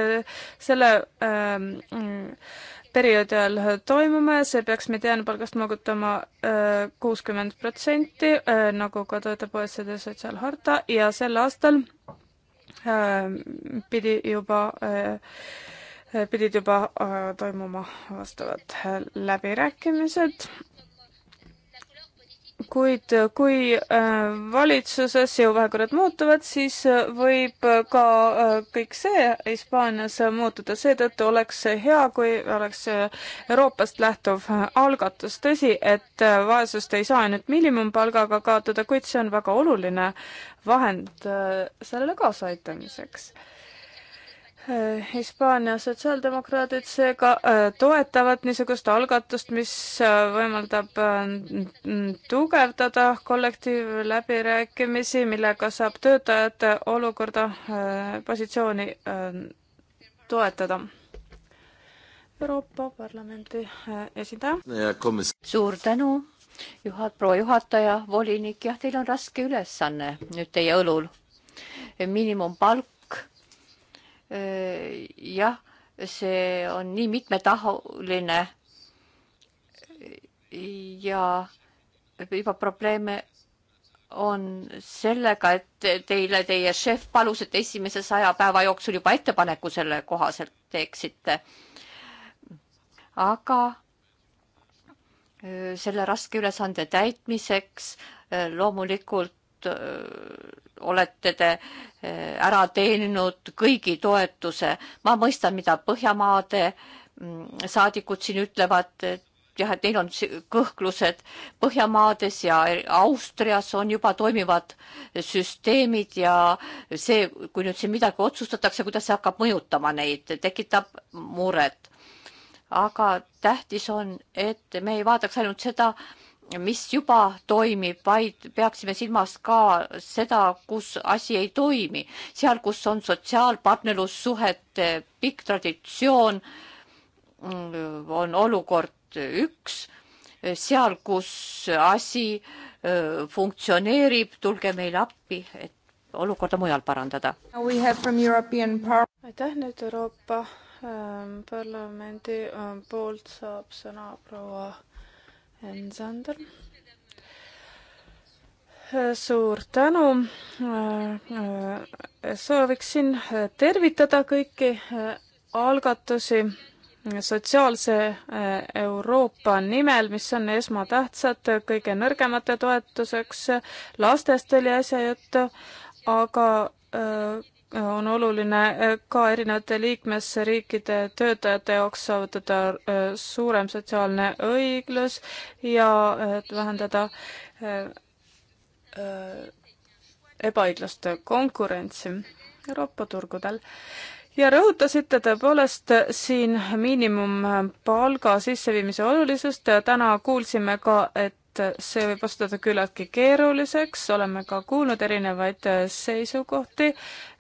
selle ähm, perioodi ajal toimuma ja see peaks mediaanpalgast mõõgutama äh, kuuskümmend protsenti, äh, nagu ka töötab OECD sotsiaalharta ja sel aastal äh, pidi juba, pidid juba toimuma vastavad läbirääkimised kuid äh, kui äh, valitsuses jõuvahekorrad muutuvad, siis äh, võib ka kõik see Hispaanias muutuda, seetõttu oleks hea, kui oleks Euroopast lähtuv algatus. tõsi, et vaesust ei saa ainult miinimumpalgaga kaotada, kuid see on väga oluline vahend sellele kaasaaitamiseks Äh, Hispaania sotsiaaldemokraadid seega äh, toetavad niisugust algatust, mis äh, võimaldab tugevdada kollektiivläbirääkimisi, millega saab töötajate olukorda, positsiooni toetada. Euroopa Parlamendi esindaja. suur tänu, juhat-, proua juhataja, volinik, jah, teil on raske ülesanne nüüd teie õlul. miinimumpalk Äh, jah, see on nii mitmetahuline ja juba probleeme on sellega, et teile teie šef palus, et esimese saja päeva jooksul juba ettepaneku selle kohaselt teeksite. aga äh, selle raske ülesande täitmiseks äh, loomulikult olete te ära teeninud kõigi toetuse. ma mõistan, mida Põhjamaade mm, saadikud siin ütlevad, et jah, et neil on kõhklused Põhjamaades ja Austrias on juba toimivad süsteemid ja see, kui nüüd siin midagi otsustatakse, kuidas see hakkab mõjutama neid, tekitab muret. aga tähtis on, et me ei vaataks ainult seda, mis juba toimib, vaid peaksime silmas ka seda, kus asi ei toimi. seal, kus on sotsiaalpartnerlussuhete pikk traditsioon, on olukord üks, seal, kus asi funktsioneerib, tulge meile appi, et olukorda mujal parandada. aitäh, nüüd Euroopa ähm, Parlamendi ähm, poolt saab sõna proua Ensander. Äh, suur tänu. Äh, äh, sooviksin tervitada kõiki algatusi sotsiaalse Euroopa nimel, mis on esmatähtsad kõige nõrgemate toetuseks. lastest oli äsja juttu, aga on oluline eh, ka erinevate liikmesriikide töötajate jaoks saavutada eh, suurem sotsiaalne õiglus ja eh, vähendada ebaõiglast konkurentsi Euroopa turgudel. ja rõhutasite tõepoolest siin miinimumpalga sisseviimise olulisust, täna kuulsime ka, et et see võib osutuda küllaltki keeruliseks, oleme ka kuulnud erinevaid seisukohti.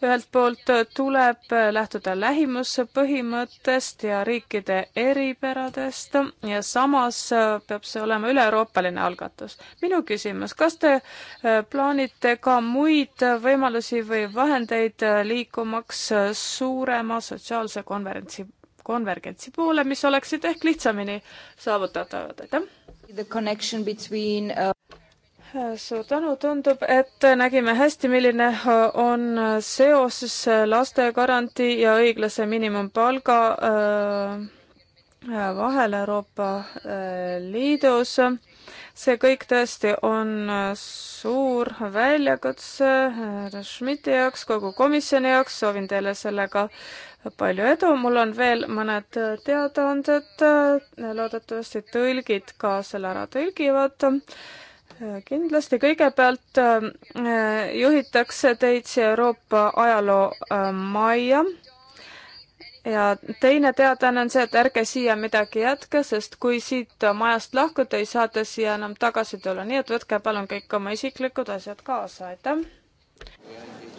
ühelt poolt tuleb lähtuda lähimuspõhimõttest ja riikide eripäradest ja samas peab see olema üle-euroopaline algatus. minu küsimus, kas te äh, plaanite ka muid võimalusi või vahendeid äh, liikumaks äh, suurema sotsiaalse konverentsi konvergentsi poole, mis oleksid ehk lihtsamini saavutatavad, aitäh! Between... Uh, suur tänu, tundub, et nägime hästi, milline uh, on uh, seos siis laste garantii ja õiglase miinimumpalga vahel Euroopa Liidus see kõik tõesti on suur väljakutse härra Schmidti jaoks, kogu komisjoni jaoks, soovin teile sellega palju edu, mul on veel mõned teadaanded, loodetavasti tõlgid ka selle ära tõlgivad. kindlasti kõigepealt eh, juhitakse teid siia Euroopa ajaloo eh, majja ja teine teadaanne on see, et ärge siia midagi jätke, sest kui siit majast lahkuda, ei saa te siia enam tagasi tulla, nii et võtke palun kõik oma isiklikud asjad kaasa, aitäh!